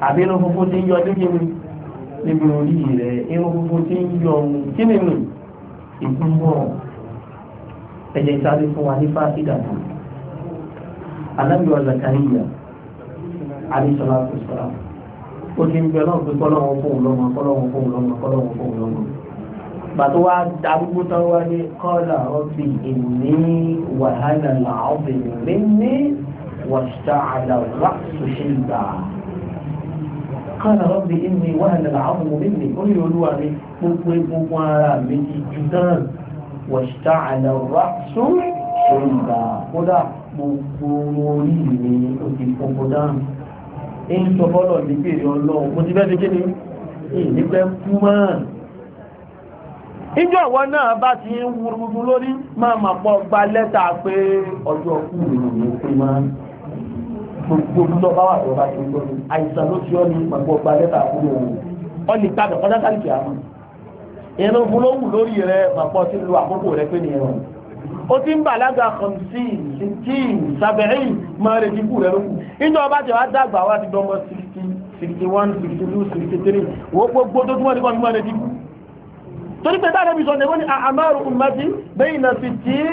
àbí irun funfun ti ń yọ níbi mi níbi orí rẹ̀ irun funfun ti ń yọ ohun kí ni mi ìgbúnbọ̀ ẹ̀jẹ̀ ìsáré fún wa ní fásitì kan alábìọ́ Zakariya àdìsọ́lá tó sọ́ra ó ti ń bẹ lọ́wọ́ pé kọ́lọ́wọ́ fóun lọ́mọ kọ́lọ́wọ́ fóun lọ́mọ kọ́lọ́wọ́ fóun lọ́mọ bàtú wa darúgbó tán wá ní kọ́là ọ̀bì ìní wàhálà làwọn bèèrè ní wàṣà àdàwà ṣùṣìlbà kọ́nà rọ́bì ìmì wà nílà àwọn mímì ó ní olúwa mi gbogbo egungun ara mi ti ju náà wọ̀ṣítà àlọ́rọ̀ sún ṣèǹgbà kódà gbogbo orí mi ó ti fọ́nkó dáhùn. èyí sọ bọ́lọ̀ ní pèrè ọlọ́run mo ti bẹ́ẹ̀ ti kí ni èyí pẹ́ kú mọ́. ìjọ ìwọ náà bá ti ń wúrúgbú lórí máa mà pọ̀ gba lẹ́tà pé ọjọ́ kú mi ò ní pé máa ń gbogbo lọ bá wà lọ́ba tó lọ àìsàn ló ti ọ́ ní gbàgbọ́ gba lẹ́tà àbúrò òun ọ́ ní tàbí ọjọ́ sáàlìkì àmọ́ ìrìn òfurufú lórí rẹ màpọ̀ sí lu àkókò rẹ pé nìyẹn ó ti ń bàlágà kọ̀ǹtì sìtì sàbẹ̀rì máa retí kù rẹ lókù ìjọ ọba tẹ dàgbà wá ti dọmọ sixty sixty one sixty two sixty three wọ́n gbogbo tó túmọ̀ nípa mímọ́ retí kù torí pé dáadáa ni àmàrù ummati bayna sittin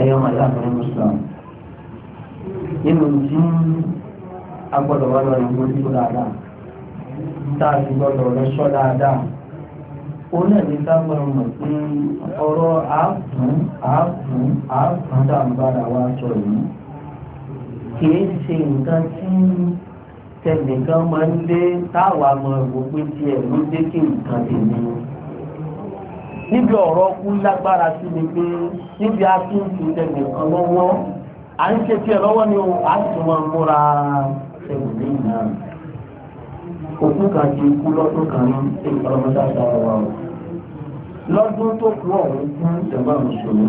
ẹ̀yọ́ m yá àtọ̀rọ̀ mùsùlùmí. nínú tí a gbọ́dọ̀ wá lọ ìwé ojú dáadáa tá a sì gbọ́dọ̀ lọ sọ dáadáa ó náà ní ká gbọ́dọ̀ mọ̀ pé ọ̀rọ̀ àápùn àápùn a tá a ń wa sọ yìí kìí níbi ọ̀rọ̀ kú lágbára sí ni pé níbi akíntì tẹnìkan lọ́wọ́ à ń ṣe tiẹ̀ lọ́wọ́ ni a sì máa múra ẹ̀mí náà òkú kan ti kú lọ́dún kan ní ìpàlọ́mọdá sára wa o lọ́dún tó kú ọ̀hún fún ìjọba mùsùlùmí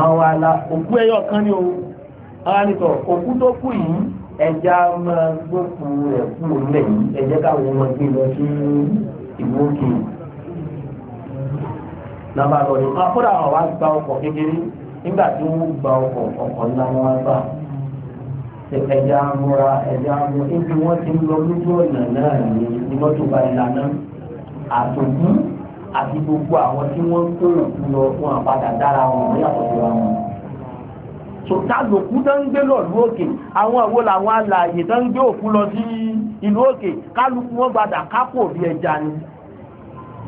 àwọn àlà òkú ẹyọ kan ní o ara nìkan òkú tó kú yìí ẹja máa gbókùn rẹ̀ kú lẹ́yìn káwọn ọmọ gbé lọ sí ìwókè nàbà lọ́ni akọ́dà ah, àwọn wa gba ọkọ̀ kékeré nígbà tí wọ́n gba ọkọ̀ ọkọ̀ ńlá wọn wá gbà ẹja múra ẹja mú ibi wọ́n ti ń lọ lójú ọ̀nà náà ní mọ́tò bá ìlànà àtòkú àti gbogbo àwọn tí wọ́n ń kó òkú lọ fún àpàdà dára wọn ní àtọ̀tọ̀ wọn sòtá lòkú tó ń gbé lọ́ọ̀lú òkè àwọn àwo làwọn alààyè tó ń gbé òkú lọ sí ìlú òkè kálukú wọn gbadà kápò bí ẹja ni.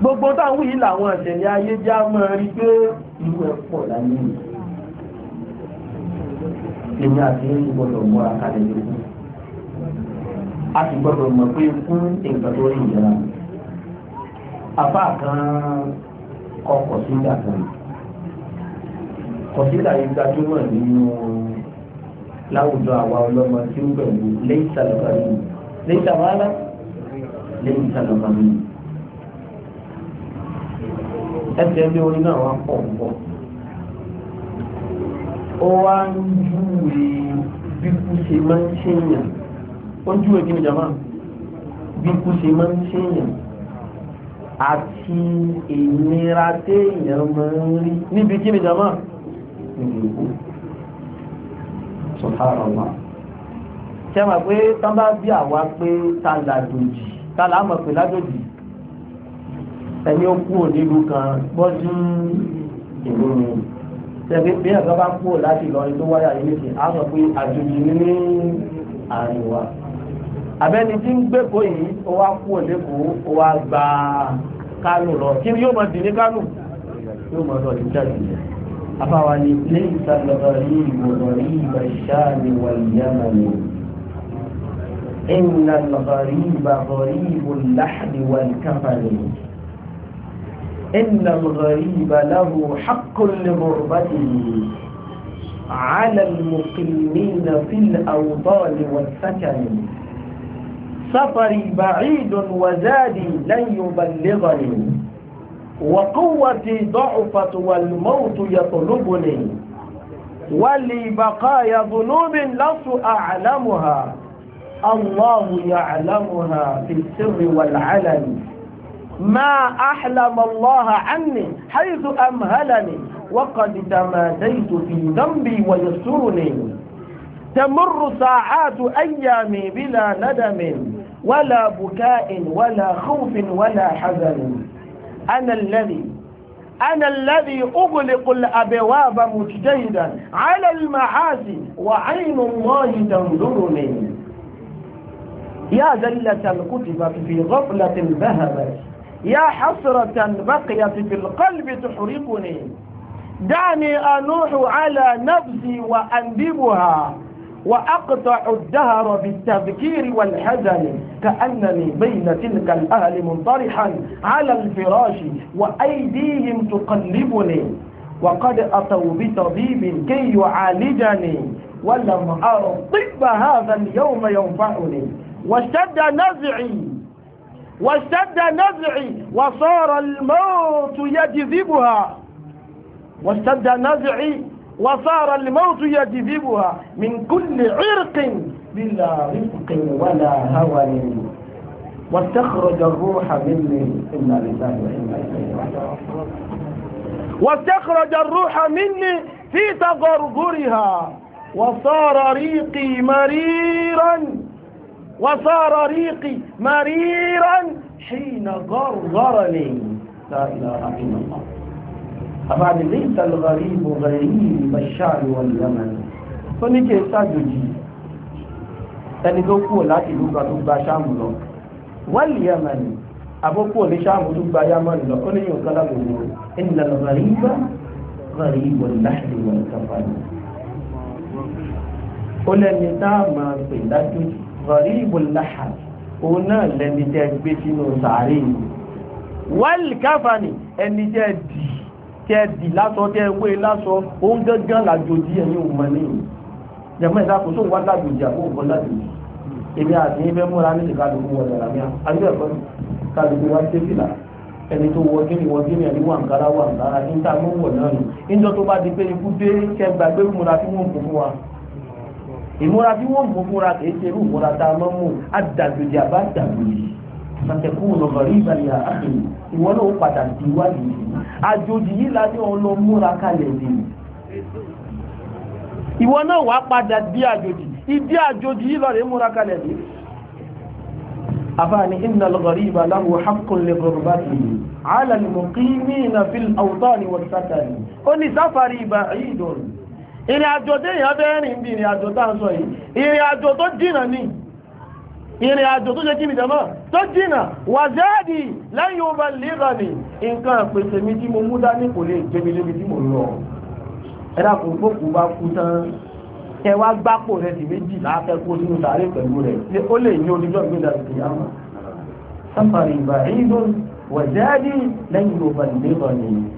gbogbo táwọn yìí làwọn ìṣẹ̀lẹ̀ ayé já mọ́ rí pé ìlú ẹ̀ pọ̀ láyé èmi àti ẹ̀yìn gbọ́dọ̀ mú a sì gbọ́dọ̀ mọ̀ pé fún nǹkan tó rí ìlera apá kan kọ kọ̀síńdà kan láwùjọ àwa ọlọ́mọ tí ó gbẹ̀wò lẹ́yìn sàlọ́kàrí lẹ́yìn ẹsẹ̀ lé orí náà wá pọ̀ pọ̀ ó wá ń júwe bí kú ṣe máa ń ṣèyàn ó ń júwe kí ni jàmáà bí kú ṣe máa ń ṣèyàn àti ìnira téèyàn máa ń rí níbi kí ni jàmáà ìlú sọ̀tàrànwá ṣe mọ̀ pé tán bí àwa pé ta làjòjì ta làá pé lájòjì ẹni ó kúrò nílùú kan gbọ́dú ìlú mi tẹ̀gbẹ́ bí ẹ̀ka bá kúrò láti Ìlọrin tó wáyà yìí nìkan á sọ pé àjòjì ní ní àárín wa àbẹ́ni tí ń gbẹ́kọ̀ọ́ yìí ó wá kúrò lẹ́kọ̀ọ́ ó wá gba Kánò lọ kí ni yóò mọ̀ dì ní Kánò yóò mọ̀ lọ ìjà ìjẹ́ afáwa ni ilé ìsàlọ̀rọ̀ yìí ìwòrán yìí ìgbà ìṣáà ni wà ìyá mọ̀ ni إن الغريب غريب اللحد والكفن إن الغريب له حق لغربته على المقيمين في الأوطان والسكن سفري بعيد وزادي لن يبلغني وقوتي ضعفت والموت يطلبني ولي بقايا ذنوب لست أعلمها الله يعلمها في السر والعلن ما أحلم الله عني حيث أمهلني وقد تماديت في ذنبي ويسرني تمر ساعات أيامي بلا ندم ولا بكاء ولا خوف ولا حزن أنا الذي أنا الذي أغلق الأبواب مجتهدا على المعاصي وعين الله تنظرني يا ذلة الكتب في غفلة ذهبت يا حسرة بقيت في القلب تحرقني دعني أنوح على نفسي وأندبها وأقطع الدهر بالتذكير والحزن كأنني بين تلك الأهل منطرحا على الفراش وأيديهم تقلبني وقد أتوا بطبيب كي يعالجني ولم أر طب هذا اليوم ينفعني واشتد نزعي واشتد نزعي وصار الموت يجذبها واشتد نزعي وصار الموت يجذبها من كل عرق بلا رفق ولا هوى واستخرج الروح مني إنا لله وإنا إليه واستخرج الروح مني في تغرغرها وصار ريقي مريرا وصار ريقي مريرا حين غرغرني لا إله إلا الله أبعد ليس الغريب غريب الشعر واليمن فنكي ساجوجي ẹni tó kúrò láti ìlú kan tó gba ṣáàmù lọ wal yamani àbókù ní ṣáàmù tó gba yamani lọ ó níyàn kan lágbègbè إن الغريب غريب اللحن والكفن ó lẹ́ni tá a máa pè dájújì sọ̀rí ìbòláhà òun náà lẹ́ni jẹ́ gbé sínú sàárè wáìlì káfàní ẹni jẹ́ dì tẹ́ dì lásọ tẹ́ wé lásọ òun gángan làjòjì ẹ̀yìn òun mọ̀ níyìn jẹ̀mọ́ ìdákùn tó wá làjòjì àbúrò bọ́ làjòjì èmi àti ìfẹ́ múra ní ìkàlùkù wọ̀ yàrá mi àbẹ́ẹ̀kọ́ kàlùkù wá sí fìlà ẹni tó ìmúra bí wọ́n mú múra kìí ṣe irú múra tá a máa mú àdàgbèjì àbá àdàgbèjì pàtẹ́kù lọ́gọ̀rí ìbàlẹ̀ àhìn ìwọ́n náà padà sí iwájú àjòjì yìí láti wọn lọ múra kalẹ̀ dì ìwọ́n náà wàá padà di àjòjì ìdí àjòjì yìí lọ́rẹ̀ múra kalẹ̀ dì أفاني إن الغريب له حق لغربته على المقيمين في الأوطان والسكن قل سفري بعيد ìrìn àjò tí èèyàn fẹ́ rìn bí ìrìn àjò tá à ń sọ yìí ìrìn àjò tó jìnà ni ìrìn àjò tó ṣe kí ìjọmọ́ tó jìnà wà zẹ́ẹ̀dì lẹ́yìn ọba lera ni nǹkan pèsè mi tí mo mú dání kò lè jẹmi lébi tí mo lọ ẹ̀dá kò gbókù bá kú tán ẹ gbápò rẹ sì méjì láàfẹ́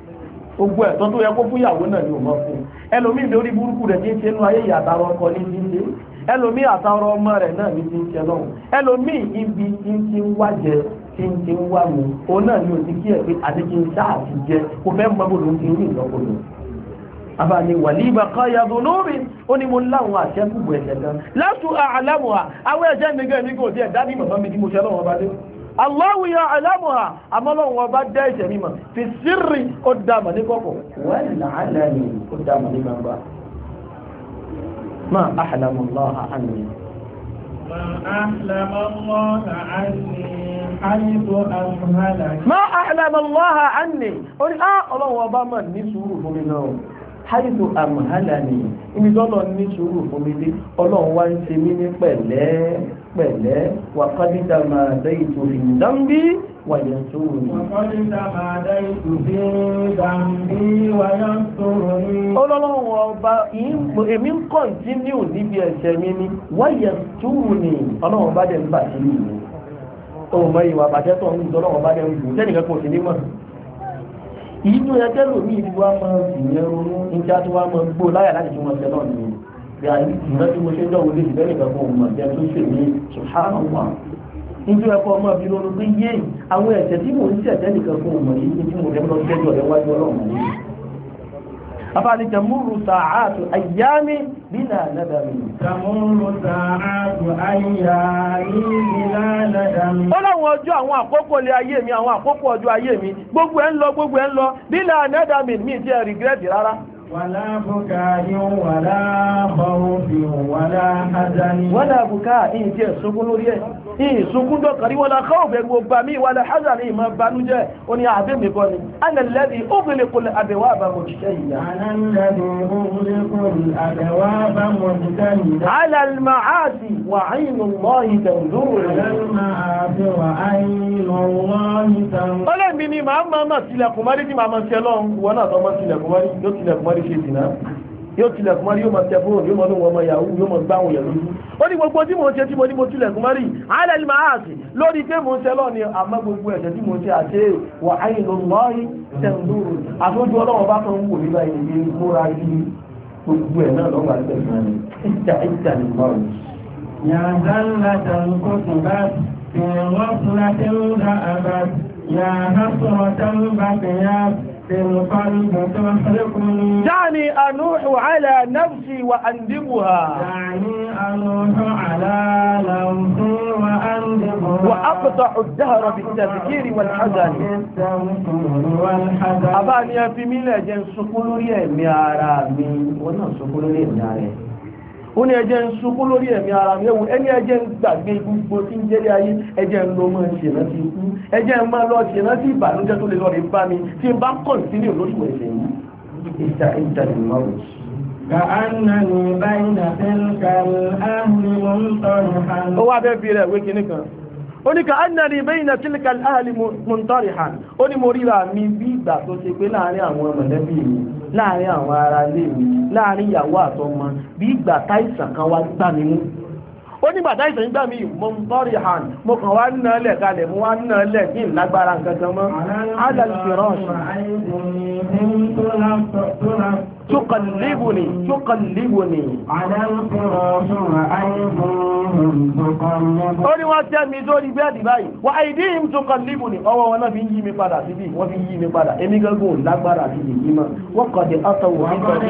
gbogbo ẹ̀tọ́ tó yẹ kó fúyàwó náà ni ò mọ́ fún ẹlòmíì lórí burúkú rẹ̀ tí ń ṣe inú ayé ìyàtàrọ ọkọ ní ti ń ṣe ẹlòmíì àtàrọ ọmọ rẹ̀ náà ní ti lọ́wọ́ ẹlòmíì ibi tí wájẹ tí ń ti náà ni ò ti kí ẹ̀ pé àti kí n sáà ti jẹ kò fẹ́ mọ́ bòló ti ń rí ìlọ́kọ̀lọ́ abani wàlíbà káyà lórí ó ní mo láwọn àṣẹ́kùbù ẹ̀ṣẹ̀ kan látò àlámù àwọn ẹ̀ṣẹ̀ mi gẹ́ mi kò tiẹ̀ mo ṣe lọ́wọ́ bá dé Allahu ya'lamuha àmọ́lọ́wọ́ bá dá ìṣẹ̀ mímọ̀ fi sírì ó dámọ̀ ní kọ́kọ̀ wọ́n làálàní ó dámọ̀ ní gbangba ma ahlamu Allah anni ma ahlamu Allah anni ó ní á ah, ọlọ́wọ́ bá mọ̀ haidu amhalani ibi tọ́lọ̀ ní sùúrù fún mi dé ọlọ́run wá ń ṣe mí ní pẹ̀lẹ́ pẹ̀lẹ́ wà kọ́dídà máa dẹ́ ètò ìdánbí wàyẹ̀ sóòrò ní. ọlọ́run ọba èmi ń kọ́ ìdíníù níbi ẹ̀ṣẹ̀ mi ni wàyẹ̀ sóòrò ní ọlọ́run ọba dẹ̀ ń bà sí mi. ohun mọ́ ìwà bàjẹ́ tó ń gbọ́dọ̀ ọba dẹ̀ ń gbọ́ èyí tó yẹ kẹ́lò ní ìdí wa máa ìyẹn ronú níta tó wá máa gbó láyà láti tún wọn ṣe náà nìyẹn yà ìgbà tí mo ṣe ń dọ̀wọ́ lé ìbẹ́rẹ̀ kan fún ọmọ ìjẹun tó ṣe ní subhanallah nítorí ẹ̀kọ́ ọmọ ìbí lọ́nu pé yé àwọn ẹ̀ṣẹ̀ tí mò ń ṣẹ̀ṣẹ̀ nìkan fún ọmọ yìí tí mo fẹ́ lọ gbẹ́jọ́ rẹ̀ wájú ọlọ́run yìí afáàní tẹmúrù sàáàtù àyámi bílà lẹ́dàmì tẹmúrù sàáàtù àyámi bílà lẹ́dàmì ó láwọn ọjọ́ àwọn àkókò lé ayé mi àwọn àkókò ọjọ́ ayé mi gbogbo ẹ̀ ń lọ gbogbo ẹ̀ ń lọ bílà lẹ́dàmì mi jẹ́ rìgírẹ́tì rárá ولا بكاء ولا خوف ولا حزن ولا بكاء إن تي سكون ريه إن سكون دكري ولا خوف وبامي ولا حزن ما بانوجة وني أعدم يقولني أنا الذي أغلق الأبواب مجتهدا أنا الذي أغلق الأبواب مجتهدا على المعاصي وعين الله تنظر على المعاصي وعين الله تنظر ọlẹ́mí ni màá máa máa tilẹ̀kùn mọ́rí tí màá máa ṣe lọ́run wọn náà tó máa tilẹ̀kùn mọ́rí yóò tilẹ̀kùn mọ́rí ń ṣe ìdìnnà yóò tilẹ̀kùn mọ́rí yóò máa tẹ fóònù yóò máa lóun ọmọ yahoo yóò máa gbá àwọn yẹ̀lú. ó ní gbogbo tí mò ń ṣe tí mo ní mo tilẹ̀kùn mọ́rí àlẹ́ ni màá sì lórí pé mò ń ṣe lọ́ọ̀ni àmọ́ gbogbo ẹ̀ṣẹ̀ tí mò ń ṣe àti wà á yìí lọ́ọ́ lọ́ọ́rì tẹ̀ǹdúró àtúntò ọlọ́wọ́ bá kan ń wò nígbà yìí ní múra yìí gbogbo ẹ̀ náà lọ́wọ́ àti دعني أنوح على نفسي وأندبها دعني أنوح على نفسي وأندبها وأقطع الدهر بالتذكير والحزن أباني في ملا جن سكولي ميارا مي ونا سكولي ميارا ó ní ẹjẹ́ ń sunkún lórí ẹ̀mí ara mi ewu ẹni ẹjẹ́ ń gbàgbé gbogbo tí ń jẹ́lé ayé ẹjẹ́ ń lọ mọ́ ṣèrántí ikú ẹjẹ́ ń máa lọ ṣèrántí ìbànújẹ́ tó lè lọ rí bá mi tí n bá kọ̀ǹtínú lórí ìwẹ̀ ẹ̀sẹ̀ yìí ìta ìta lè máa wò. kàánà ní báyìí ó ní ka annari bayna tilka al-ahli muntarihan ó ní mo ríra mi bí ìgbà tó ṣe pé láàrin àwọn mọ̀lẹ́bí mi láàrin àwọn ará ilé mi láàrin ìyàwó àtọmọ bí ìgbà táìsàn kan wá gbà mí mú ó ní bàtà ìsìn gbà mí muntarihan mo kàn wá nà kalẹ̀ mo wá nà lẹ̀ kí n mọ́ تقلبني تقلبني على الفراش وأيديهم تقلبني ó ní wọ́n tẹ́ mi sórí bẹ́ẹ̀dì báyìí wa aydihim tuqallibuni ọwọ́ wọn náà fi ń yí mi padà síbí wọ́n fi ń yí mi padà èmi gángan lágbára sí ìdí mọ́ wọ́n kàn dé àtọwò nítorí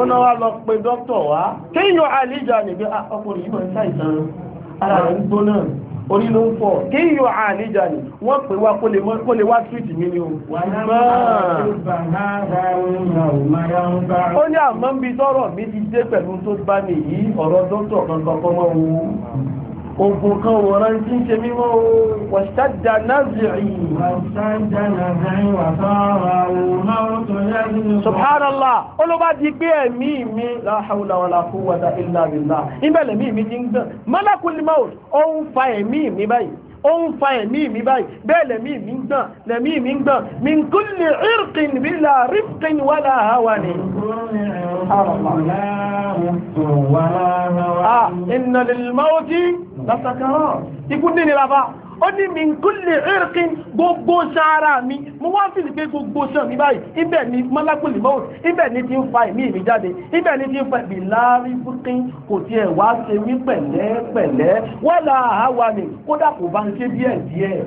ó náà wá lọ pe dókítà wá kéèyàn àlíjà nìgbé ah, ọkùnrin yìí máa orí ló ń pọ̀ kí yíò àníjà ni wọ́n pè wá kó lè wá túìtì mi ni o ó ní àmọ́ ń bi tọ́rọ̀ mi ti dé pẹ̀lú tó bá mi ọ̀rọ̀ dókítà kankan kọ́mọ́ wo ogun kan wọ̀rán tí ń ṣe mímọ́ wàṣádà náàzìrì subhanallah olóbá di pé ẹ̀mí mi la hawla wala quwwata illa billah ìbẹ̀lẹ̀ mí mi ti ń gbọ́n malakul maut ó ń fa ẹ̀mí mi báyìí ó ń fa ẹ̀mí mi báyìí bẹ́ẹ̀ lẹ̀mí mi ń gbọ̀n lẹ̀mí mi ń gbọ̀n min kulli irqin bila rifqin wala hawani subhanallah ah inna lil mauti lásàkàrọ̀ ikú dé ní lábá ó ní mi kúlè ẹ̀rìkín gbogbo sára mi mo wá fìlì pé gbogbo sàn mi báyìí ibẹ̀ ni mọ́lákùlì mọ́wò ibẹ̀ ni ti ń fa ìmí mi jáde ibẹ̀ ni ti ń fa ìbí láàrin fúnkín kò tiẹ̀ wá ṣe wí pẹ̀lẹ́pẹ̀lẹ́ wọ́n là á wà ní kódà kò bá ń ṣe díẹ̀ díẹ̀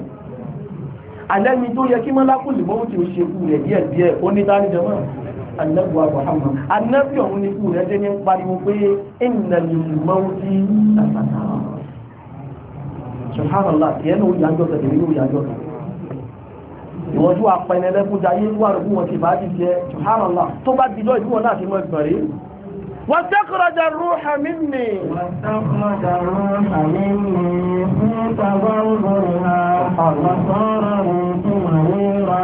alẹ́ni tó yẹ kí mọ́lákùlì mọ́wò ti ṣe kú rẹ̀ díẹ̀ díẹ̀ ó ní dání jẹ mọ́ annabu wa muhammad annabi ọ̀hún ni kú rẹ̀ dé ní pariwo pé ìnàlùmọ́wò ti sàtàkà subhanallah tiẹ̀ ní òyìn àjọ tẹ̀lé ní òyìn àjọ kan ìwọ̀n tí wàá pẹ̀lẹ́ lẹ́kún jayé wà lókun wọn ti bá ti tiẹ̀ subhanallah tó bá di lọ́ọ̀ ìdíwọ̀n náà ti mọ ìgbọ̀n rèé واستخرج الروح مني واستخرج الروح مني في تبربرها فصار ريحها نيرا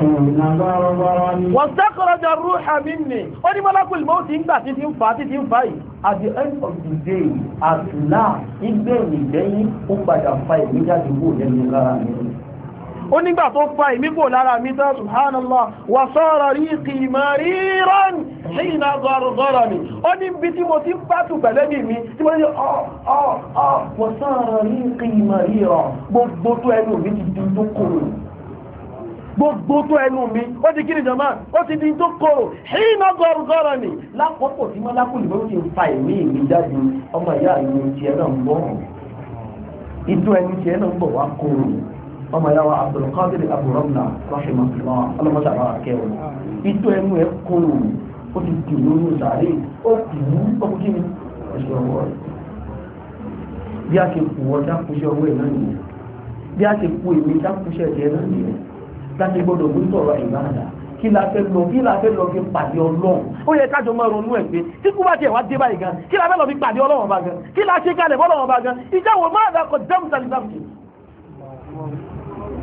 حين بربرني واستخرج الروح مني ó ní mọ́lákù ìmọ́tí ń gbà títí ń fa títí ń fa yìí at the end of the day at last ìgbẹ̀yìn ìgbẹ̀yìn ó padà fa ìmújáde kúrò lẹ́nu lára mi ó nígbà tó pa ìmígbò lára mi tán subhanallah wà sọ́rọ̀ rí kìímọ̀ ríran ní ìnà gọ́rọ̀gọ́rọ̀ ni ó ní bí tí mo ti pàtù pẹ̀lẹ́bì mi tí mo ní ọ̀ ọ̀ ọ̀ wà sọ́rọ̀ rí kìímọ̀ ríran gbogbo tó ẹnu mi ti di dókòrò gbogbo tó ẹnu mi ó ti kí ni jọmọ́ tí wọ́n lápò lùmọ́ ọmọ ìyá wa abdulkadir aburomna rahimahullah ọlọmọsàbà akẹwọn ìtọ ẹnu ẹ kóró ó ti dì lórí sàárè ó kù ú ọkọ kí ni ẹsẹ ọwọ́ rẹ̀ bí a ṣe kù ọjà kúṣẹ ọwọ́ ẹ náà nìyẹn bí a ṣe kù èmi já kúṣẹ ẹjẹ náà nìyẹn láti gbọ́dọ̀ mú sọ̀rọ̀ ìbáradà kí la fẹ́ lọ kí la fẹ́ lọ fi pàdé ọlọ́run ó yẹ kájọ máa ronú ẹ̀ pé tí kú bá tiẹ̀ wá dé báyìí gan kí la fẹ́ lọ fi pàdé ọlọ́run ọba gan kí la ṣe kalẹ̀ fọlọ́run ọba gan ìjáwó má dàkọ̀ dẹ́mùsàlì dàmùsì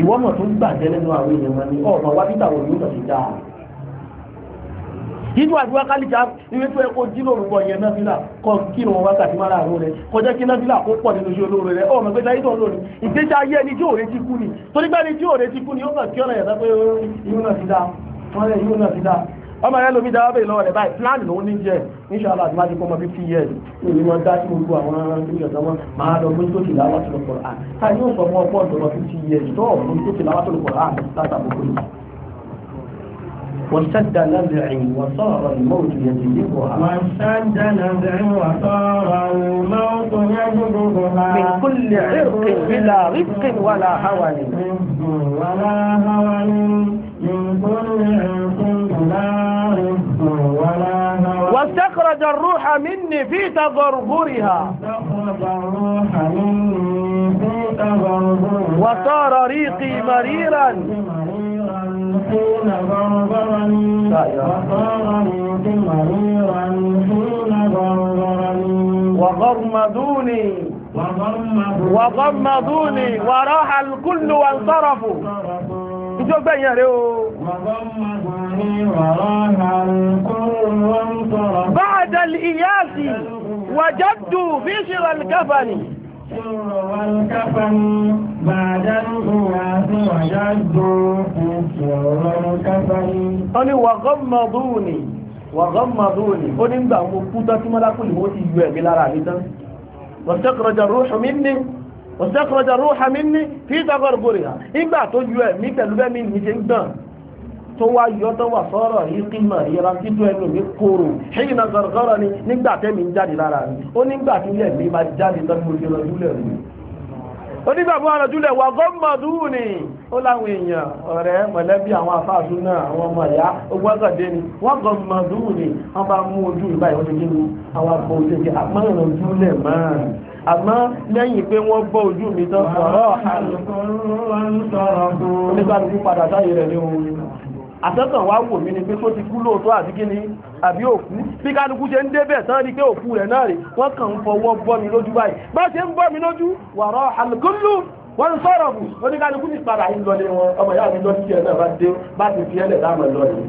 ìwọ́nà tó ń gbàjẹ́ lẹ́nu àwọn èèyàn wọn ni ọ̀nà wá títà wọ̀ yóò tọ̀sí dáa nínú àdúrà kálíjà ìwé tó ẹkọ jí lórúkọ yẹn náà fílà kọ kí ni wọn wákàtí máa rà rẹ kọjá kí náà fílà kó pọ̀ nínú iṣẹ́ olóore rẹ ọmọ ìgbésẹ̀ ayé tó ń lò ní ìgbésẹ̀ ayé ẹni tí òòrè ti kú ni torí pé ẹni tí òòrè ti kú ni ó kàn kí ọ̀nà yàtọ̀ pé ìyún náà ti dá wọn rẹ ìyún náà ti dá ọmọ rẹ lómi dáwọ́ bẹ́ẹ̀ lọ́wọ́ rẹ̀ báyìí plan ló ní jẹ́ inshallah àti máa ti kọ́ ọmọ fifty years ní ìlú wọn dá sí gbogbo àwọn ìjọ sọmọ máa lọ mú sókè láwá tó lọ pọ̀ à tá yóò sọ ọmọ ọpọ́ ọ̀dọ́ fifty years tó mú sókè láwá tó lọ pọ̀ à látàkókò yìí. وشد نبعي وصار الموت يجذبها وشد نبعي وصار الموت يجذبها من كل عرق بلا رزق ولا هون ولا هون من كل لا ولا واستخرج الروح مني في تضربرها الروح مني في وصار ريقي مريرا حين وصار ريقي مريرا حين وغرمدوني وغمضوني وراح الكل وانصرفوا ìjọ gbẹ̀yìn rẹ̀ o báadà ìyáàsì wàjọ́dù bí ṣíra alkafani ó ní wàgọ́mọ̀dúnì wàgọ́mọ̀dúnì ó ní gbà mú kú tọ́tí mọ́lákùnlé ó ti yú ẹ̀mí lára mi tán wọ́n واستخرج الروح مني في تغرغرها إما تجوى ميكا لبامي ميتين دان توا يوتا وصارا هي قيمة هي رانتي تو ẹnu mi kóró حين غرغرني nígbà tẹ́mi ń jáde lára mi ó nígbà tí ilé mi máa jáde tán mo jẹ́ lọ́júlẹ̀ mi onígbàgbọ́ àrọ̀júlẹ̀ wà gọ́mọ̀dú ni ó láwọn èèyàn ọ̀rẹ́ mọ̀lẹ́bí àwọn afáàṣú náà àwọn ọmọ ìyá ogun ni wọ́n gọ́mọ̀dú ni wọ́n bá mú ojú ìbáyọ̀ ojú àwọn àpò òṣèlú àpọ́nrọ̀júlẹ̀ àmọ́ lẹ́yìn pé wọ́n bọ́ ojú mi tán sọ̀rọ̀ onígbàdùkú padà sáyé rẹ̀ ní ohun àtẹ́kàn wá wò mí ni pé tó ti kú lóòótọ́ àti kí ni àbí òkú bí kálukú ṣe ń débẹ̀ tán rí pé òkú rẹ̀ náà rí wọ́n kàn ń fọwọ́ bọ́ mi lójú báyìí bá ṣe ń bọ́ mi lójú wàrọ̀ àlùkúlù wọ́n sọ̀rọ̀ bù oníkálukú ti padà ń wọn ọmọ ìyá mi lọ́dún tí bá ti fi ẹlẹ̀ dáàmọ̀ lọ́rẹ̀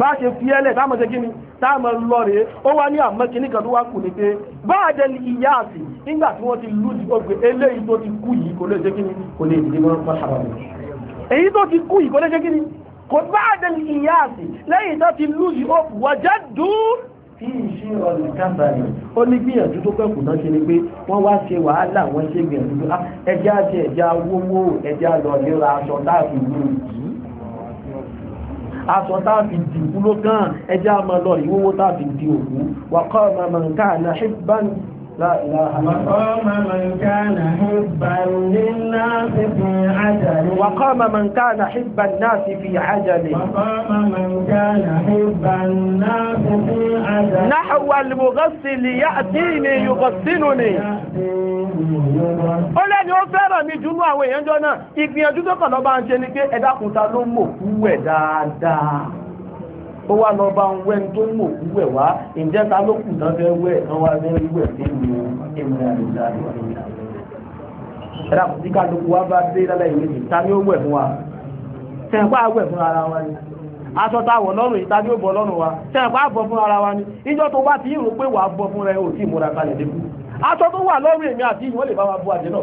bá ṣe fi ẹlẹ̀ dáàmọ̀ ṣe kí táàmà lọ́rẹ̀ ó wá ní àmọ́ kìíní kan tó wá kù ní pé báàdẹ ní ìyá àti nígbà tí wọ́n ti lù sí ọgbẹ́ eléyìí tó ti kú yìí kò lè ṣe kíni kò lè dìde mọ́ pàṣàpàṣà èyí tó ti kú yìí kò lè ṣe kíni kò báàdẹ ní ìyá àti lẹ́yìn tó ti lù sí ọ̀pù wọ́jẹ́ dùn tí ìṣe ọ̀rọ̀ ìkàtà rẹ̀ ó ní gbìyànjú tó pẹ̀kù náà ṣe ni pé wọ́n wá ṣe wàhálà wọ́n ṣe gbìyànjú ah, ẹja jẹ ẹja wówó ẹja lọ lera aṣọ láàfin lóòjì aṣọ táàfi dì kú ló kàn ẹjá máa lọ ìwówó táàfi dì òkú wàkọ́ ọmọ mọ̀ǹkà náà وقام من كان حبا للناس في عجل وقام من كان حب الناس في عجل وقام من كان حب الناس في عجل نحو المغسل يأتيني يغسلني ó lẹ́ni ó fẹ́ràn mi jùlọ àwọn èèyàn jọ náà ìgbìyànjú tó kàn lọ bá ń ṣe ni pé ẹ̀dàkùnta ló mọ̀ kú ẹ̀ dáadáa ó wá lọ bá ń wẹ́ni tó mú òkú wẹ̀ wá ǹjẹ́ ta ló kù tán fẹ́ wẹ̀ tán wá fẹ́ wẹ̀ sí ìlú ìmọ̀ àdìsá ẹ̀rọ àkùtí kálukú wá bá dé lálẹ́ ìwé yìí ta ni ó wẹ̀ fún wa tẹ̀pá wẹ̀ fún ara wa ni aṣọ ta wọ̀ lọ́rùn ìta ni ó bọ̀ lọ́rùn wa tẹ̀pá bọ̀ fún ara wa ni ìjọ tó bá ti rò pé wàá bọ̀ fún rẹ ò tí ì múra kalẹ̀ lẹ́kù aṣọ tó wà lọ́rùn èmi àti ìwọ́n lè bá wa bọ́ àjẹ́ náà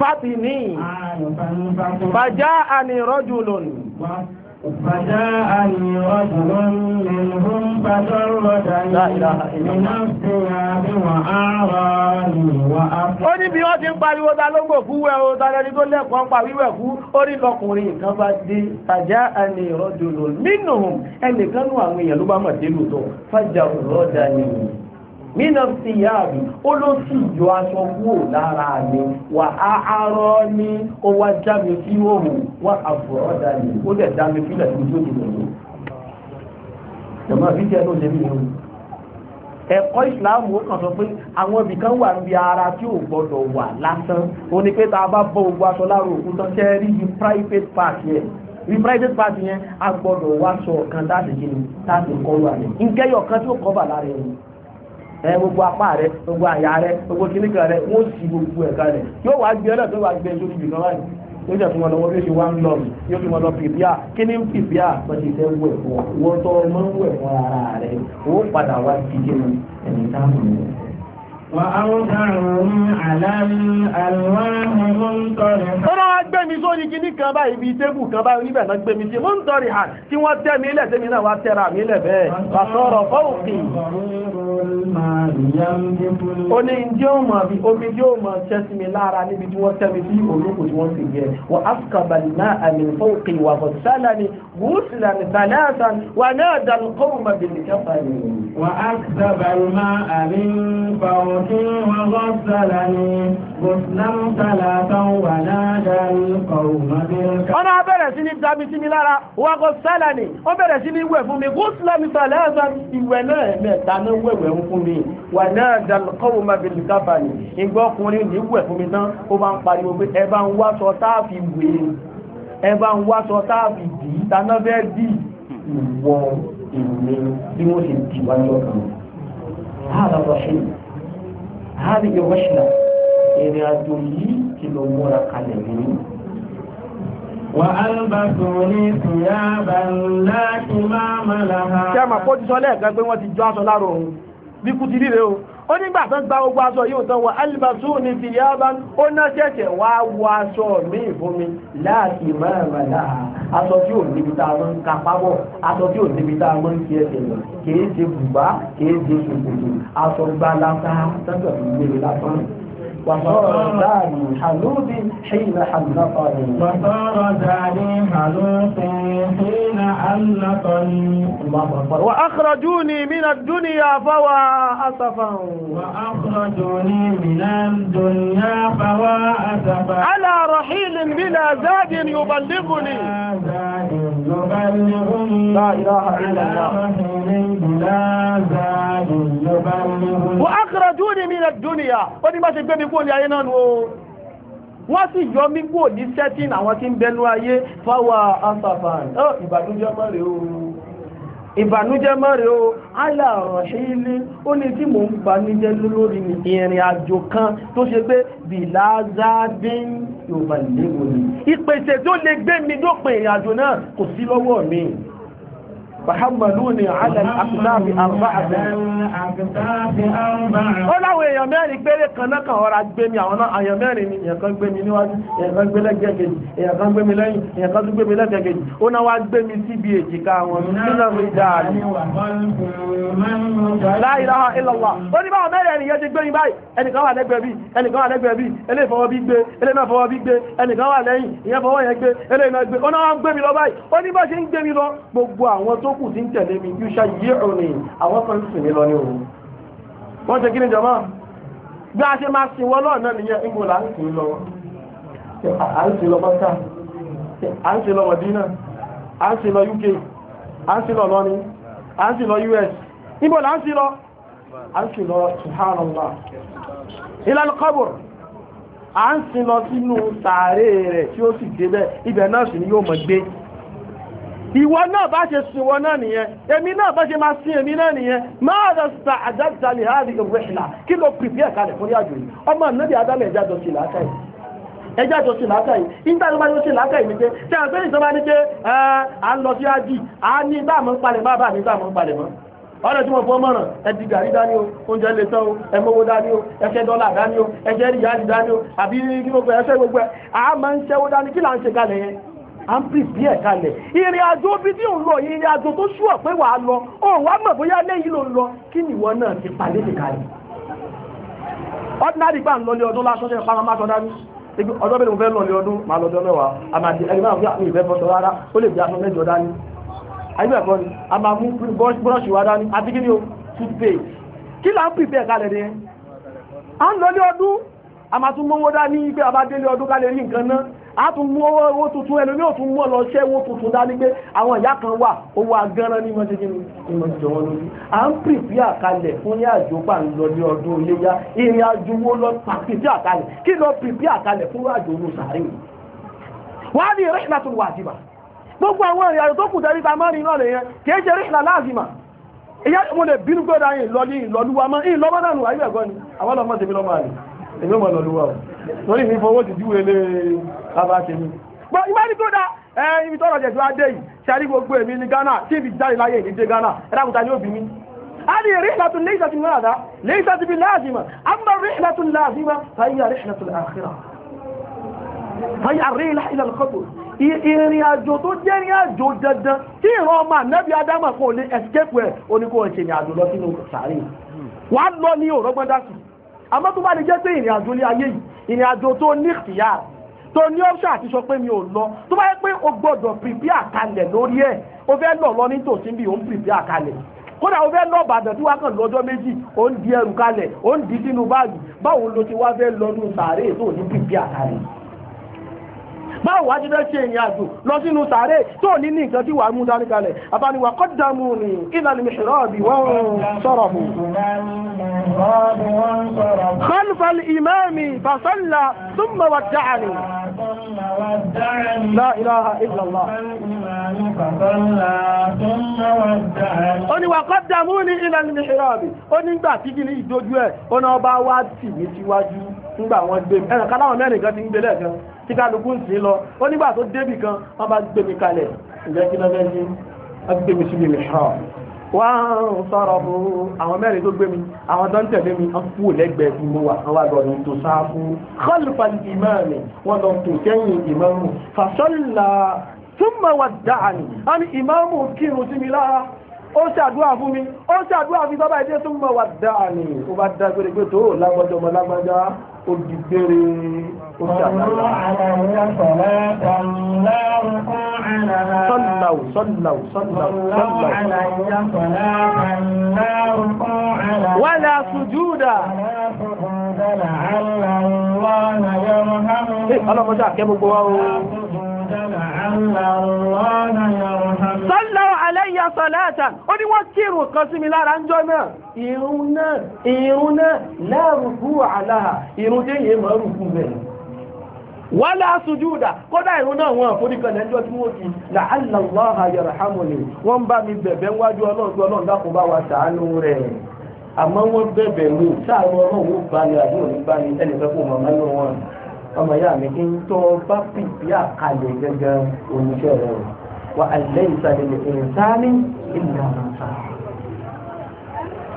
fátìní fàjá àní rọ́jùlùn فجاءني رجل منهم فجردني بنفسها وأعراني وأفضل ó ní bí wọ́n ti ń pariwo ta ló ń gbò fún wẹ́ o tàbí tó lẹ́kọ̀ọ́ ń pa wíwẹ̀ fún orí lọkùnrin nǹkan bá dé فجاءني رجل منهم ẹnìkan nú àwọn èèyàn ló bá mọ̀ sí lùtọ̀ فجردني mina siyabi ó ló sì yọ aṣọ kúrò lára mi wà á arọ ní ó wá já mi sí òhùn wá àbúrò dání ó dẹ̀ dá mi sílẹ̀ tó tó ti lòlò. jọ̀mọ́ fíjẹ́ ló ṣe mí o. ẹ̀kọ́ ìsìláàmù ó kàn sọ pé àwọn ibì kan wà níbi ara tí ò gbọ́dọ̀ wà lásán ó ní pé tá bá bọ́ ogun aṣọ lára òkú tán ṣe rí ibi private part yẹn ibi private part yẹn a gbọ́dọ̀ wá sọ ọ̀kan táàtì kí ni táàtì kọ́ wà ní. nkẹ́yọ̀ kan tí ó kọ́ bà lára ẹ̀yìn ẹ gbogbo apá rẹ gbogbo àyà rẹ gbogbo kíníkà rẹ wọn sì gbogbo ẹ̀ka rẹ yóò wá gbé ọlọ́ọ̀tọ́ wá gbé sórí ibì kan báyìí yóò jẹ́ fún wọn lọ́wọ́ bí ó ṣe wá ń lọ yóò fi wọn lọ pìpìà kí ni pìpìà wọn ti fẹ́ wẹ̀ fún wọn wọ́n tọ́ ọmọ ń wẹ̀ fún ara rẹ ó padà wá kíkẹ́ ẹni táwọn ọmọ Tọ́lá wá gbé mi sórí kí ní kan bá ibi tébù kan bá oníbẹ̀ náà gbé mi sí, mọ́ ń tọrí hàn kí wọ́n tẹ́ mi ilẹ̀ tẹ́mi náà wá tẹ́ra mi ilẹ̀ bẹ́ẹ̀, pàtọ́rọ̀ fọ́ùkì. Ó ní ìdí òmà bí omi tí ó mọ̀ tẹ́ sí mi lára níbi tí wọ́n tẹ́ mi sí olóko tí wọ́n sì yẹ. Wà امرأتي وغسلني غسلا ثلاثا ونادى القوم بالكفر أنا bẹ̀rẹ̀ sí ní dámi sí mi lára wọ́gọ́ sẹ́lẹ̀ ni ó bẹ̀rẹ̀ sí ní wẹ̀ fún mi gúúsùlẹ̀ mi sọ̀lẹ̀ ẹ̀sọ́ ìwẹ̀ náà mẹ́ta náà wẹ̀wẹ̀ ń fún mi wà náà dàlùkọ́wò máa fi lè kábà ní ìgbà ọkùnrin ní wẹ̀ fún mi tán ó bá ń pariwo pé ẹ bá dì í taná bẹ́ẹ̀ dì ìwọ ìwé bí wọ́n ṣe dì wájọ́ kan hali yorùbá ìrìn àjò yìí ti lọ múra kalẹ̀ ní. wà á ń bá sọ̀rọ̀ ní ìsìnyá bá ńlá kí máa máa lára. kí a máa pọ́ ti sọ lẹ́ẹ̀kan pé wọ́n ti jọ aṣọ láàrọ̀ òun bí kú ti ríre o ó nígbà tán gba gbogbo aṣọ yóò tán wọ alìbàtú ní fi yá bá ó ná ṣẹ̀ṣẹ̀ wá wọ aṣọ mi fún mi láti mẹ́rẹ̀mẹ́lá aṣọ tí ò níbi tá a mọ́ ń kapábọ̀ aṣọ tí ò níbi tá a mọ́ ń fi ẹsẹ̀ lọ kìí ṣe bùbá kìí ṣe ṣòkòtò aṣọ gbalata tẹ́tẹ̀ fún mi lásán وصار داني حلوط حين حلقني طيب. وصار زاني حلوط حين حلقني وأخرجوني من الدنيا فوا أسفا وأخرجوني من الدنيا فوا أسفا على رحيل بلا زاد يبلغني يبلغني لا إله إلا الله بلا زاد يبلغني وأخرجوني من الدنيا ودي ما تبقى kúrò ní ayé náà nù o wọ́n sì yọ mí ní sẹ́tìn àwọn tí ń bẹnu ayé fáwà asàfàn o ìbànújẹ́ mọ́ rèé o aláàránṣẹ́ ni ìpèsè tó lè gbé mi dópin ìrìn àjò náà kò sí lọ́wọ́ mi fàhámàlúni alẹ́lẹ́kùnláàfi àrùbáàbẹ̀. ó láwọn èèyàn mẹ́rin péré kan náà kan ọ̀rọ̀ agbémi àwọn náà èèyàn mẹ́rin ni èèyàn kan gbémi níwájú èèyàn kan gbé lẹ́gbẹ̀ẹ́ kejì èèyàn kan gbémi lẹ́yìn èèyàn kan tún gbémi lẹ́gbẹ̀ẹ́ kejì ó náà wá gbémi síbi èjìká wọn nínú mi dáàlì. la ilaha illallah ó ní báwọn mẹ́rin ènìyàn ti gbémi báyìí ẹnìkan wà lẹ́gbẹ̀ẹ́ bí ẹnìkan wà lẹ́gbẹ̀ẹ́ bí eléyìí fọwọ́ bí gbé eléyìí náà fọwọ́ bí gbé ẹnìkan wà lẹ́yìn ìyẹn fọwọ́ yẹn gbé eléyìí náà gbé ó náà wá gbémi lọ báyìí ó ní bá ṣe ń gbémi lọ gbogbo àwọn tó kù tí ń tẹ̀lé mi yóò ṣá yí àwọn kan sì mí lọ ní òun wọ́n ṣe kí jọmọ́ bí a ṣe máa sin wọ́n lọ́ọ̀ nìyẹn ìgbò là lọ UK US ìgbò là lọ ìlànà kọ́bùr à ń sìn lọ sínú sàárè rẹ̀ tí ó sì débẹ̀ ibẹ̀ náà sì ni yóò mọ̀ gbé ìwọ náà bá ṣe sin wọn náà nìyẹn èmi náà bá ṣe máa sin èmi náà nìyẹn máa lọ sa àdáta lè ha rí ìwé ìlà kí ló pìpì ẹ̀ka rẹ̀ fún àjò yìí ọmọ nàbí adámẹ̀ ẹja sí làákà yìí sí làákà yìí ni pé tí a gbé ìjọba ní pé à ń lọ sí ájì à ní dáàmú palẹ̀ má bà ní dáàmú palẹ̀ mọ́ ọ̀rẹ́ tí wọ́n fọ́ mọ̀ràn ẹ̀dì gàrí dání o oúnjẹ lè tán o ẹmọ́wó dání o ẹ̀ṣẹ́ dọ́là dání o ẹ̀ṣẹ́ ríyàlì dání o àbí gbogbo ẹ̀ṣẹ́ gbogbo ẹ̀ à ń pìpì ẹ̀ kalẹ̀ ìrìn àjò bí tí ò ń lọ ìrìn àjò tó ṣùọ̀ pé wàá lọ ò wá mọ̀ bóyá lẹ́yìn ló ń lọ kí nìwọ náà ti pàdé ti kalẹ̀ ordinary gbà ń lọlé ọdún lásán jẹ́ paramásán dání ibi ọjọ́ bẹ́ẹ̀ ni mo fẹ́ lọlé ọdún máa lọ́jọ́ mẹ́wàá àmàdì ẹni máa ń fi àmì ìfẹ́ fọ́sọ rárá ó lè bí aṣọ mẹ́jọ dání àyíbẹ̀ ẹ̀kọ́ ni a máa mú búrọ́ọ̀ṣì wa dání àti kí ni o toothpaste kí là ń pìpẹ́ kalẹ̀ ni à ń lọlé ọdún a máa tún mówó dání pé a bá délé ọdún kalẹ̀ ní nǹkan náà a tún mú owó tuntun ẹlòmí ò tún mọ́ lọ ṣẹ́ owó tuntun dání pé àwọn ìyá kan wà owó agánran ní mọ́ ṣẹ́jẹ́ ní mọ́ jọ wọn lórí à ń pìpì àkalẹ̀ fún ní àjò pa ń lọ ní ọdún iléyá ìrìn àjò wo lọ pìpì àkalẹ̀ kí lọ pìpì àkalẹ̀ fún àjò olú sàárè wọ́n á ní rẹ́ṣìlá tó wà jìbà gbogbo àwọn ìrìn àjò tó kù tẹ́rí ta mọ́rin náà lèyẹn kìí ṣe rẹ́ṣìlá láàzìmà ìyá mo lè bínú gbọ́dọ̀ ìlọlí ìlọlúwa mọ́ ìlọ́mọ́ náà nù ayé ni àwọn ọlọ́mọ́ tèmi lọ́mọ́ àlè èmi mọ̀ lọ́lúwà ọ̀ lórí mi fọwọ́ ti júwe lé bàbá ṣe mi. gbọ́ ìwé ní tó dá ẹ ibi tọ́rọ̀ jẹ̀ tó á dé yìí ṣàrí gbogbo èmi ní Ghana tí ibi jáde láyé ìdí Ghana ẹ̀dàkùtà ni ó bí mi. a ní rihlatu laysat min hada laysat bi lazima amma rihlatu lazima fa hiya rihlatu al-akhirah fa hiya ar-rihla ila al-qabr ìrìn àjò tó jẹ́ ìrìn àjò lè escape ẹ̀ oníkó ẹ̀ṣẹ̀ lọ ní òrọ́gbọ́n dásù àmọ́ tó bá lè jẹ́ pé ìrìn àjò ilé ayé yìí ìrìn àjò tó ní ìfìyà tó ní option àti sọ pé mi ò lọ tó bá yẹ pé o gbọ́dọ̀ prepare kalẹ̀ lórí ẹ̀ o fẹ́ lọ lọ nítòsí bí o ń prepare kalẹ̀ kódà o fẹ́ lọ Ìbàdàn tí wàá kàn lọ́jọ́ méjì o ń di ẹrù kalẹ̀ o ń di sínú báàgì báwo lo ti wá fẹ́ lọ ní sàárè tó ní prepare kalẹ̀ báwo wá ti fẹ́ ṣe ìrìn àjò lọ sínú sàárè tó ní ní nǹkan tí wàá mú dání kalẹ̀ àbániwà kọ́dàmù ní ìlànà mìíràn wọ́n sọ̀rọ̀ mù. khalfal imami fasalla thumma wadda'ani. la ilaha illallah. ó ní wà kọ́dàmù ní ìlànà mìíràn ó nígbà tí kìíní ìdójú ẹ̀ ó náà bá wá nígbà wọn gbé mi ẹnìkan láwọn mẹ́rin kan ti ń gbé lẹ́ẹ̀kan tí kálukú ń sí lọ ó nígbà tó débì kan wọ́n bá gbé mi kalẹ̀ ǹjẹ́ kí lọ́fẹ́ ní wọ́n gbé mi síbi mìíràn wọ́n sọ̀rọ̀ fún àwọn mẹ́rin tó gbé mi àwọn tó ń tẹ̀lé mi wọ́n kú lẹ́gbẹ̀ẹ́ bí mo ó di gbére ó ṣàlàyé. sọ́nàwó sọ́nàwó sọ́nàwó sọ́nàwó. wala sujuda. ọlọ́mọdé àkẹ́ gbogbo wa o. Sọ́lọ́ aláyà sọ̀láàtà, ó ní wọ́n kírù kan sí mi lára ń jọ náà, ìrún náà, ìrún náà lẹ́rùkú àláà, ìrún tí yẹ mọ́ rùkú bẹ̀rẹ̀. Wọ́n lá sùjúdà, kódà ìrún náà wọ́n fórí kan lẹ́jọ́ tí wọ́n ti la'allallaha ọmọ yá mi kí n tó bá pìpì àkàlẹ̀ gẹ́gẹ́ oníṣẹ́ rẹ̀ o wà àìlẹ́ ìsàlẹ̀ ìrìnsáàmì ìlànà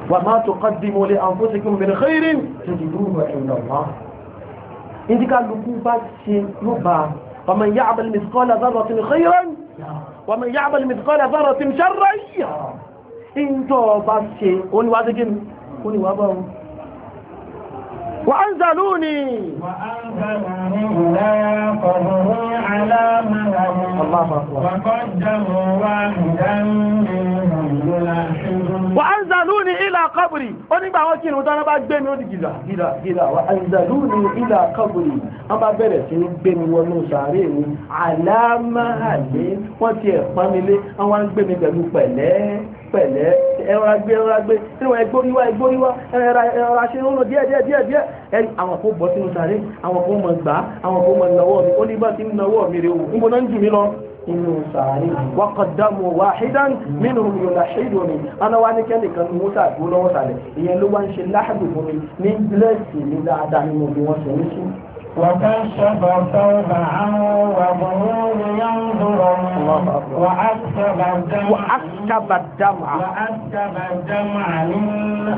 wà máa tó mo lé àǹfóṣekí mi bẹ̀rẹ̀ xeyìrì tó ti dúró wà ìlànà wá. ìdíkà lukú bá ṣe ló bá ọmọ ìyá àbẹ̀lẹ̀ mìsíkọ́lá bá rọ̀ sí mi xeyìrì ومن يعمل مثقال ذرة شرا انتو باشي قولي واضح قولي وابو وأنزلوني وأنزلوني إذا قدروا على منهم وقدموا واحدا منهم يلاحظون وأنزلوني إلى قبري onígbà àwọn kí ìrùntọ́ náà bá gbé mi ó di gìlà gìlà gìlà wà anzaluni ila qabri wọ́n bá bẹ̀rẹ̀ sí ní gbé mi wọnú sàárè mi aláàmáhàlé wọ́n ti ẹ̀pọ́n mi lé wọ́n wá ń gbé mi pẹ̀lú pẹ̀lẹ́ pẹ̀lẹ́ ẹ̀rọ agbé ẹ̀rọ agbé tí wọ́n ẹgbóríwá ẹgbóríwá ẹ̀rọ aṣẹ ó lọ díẹ̀ díẹ̀ díẹ̀ nínú yọ̀nà ṣèdò mi aná ní kẹ́nìkan ní mọ́tà lọ́wọ́ sàlẹ̀ ìyẹn ló wá ń ṣe láàbù fún ní bílẹ̀sì ní dáadáa nínú bí wọ́n ṣe ń sùn وكشف الثوب عنه وظهور ينظر وأكتب الدمع وأكتب الدمع وأكتب الدمع من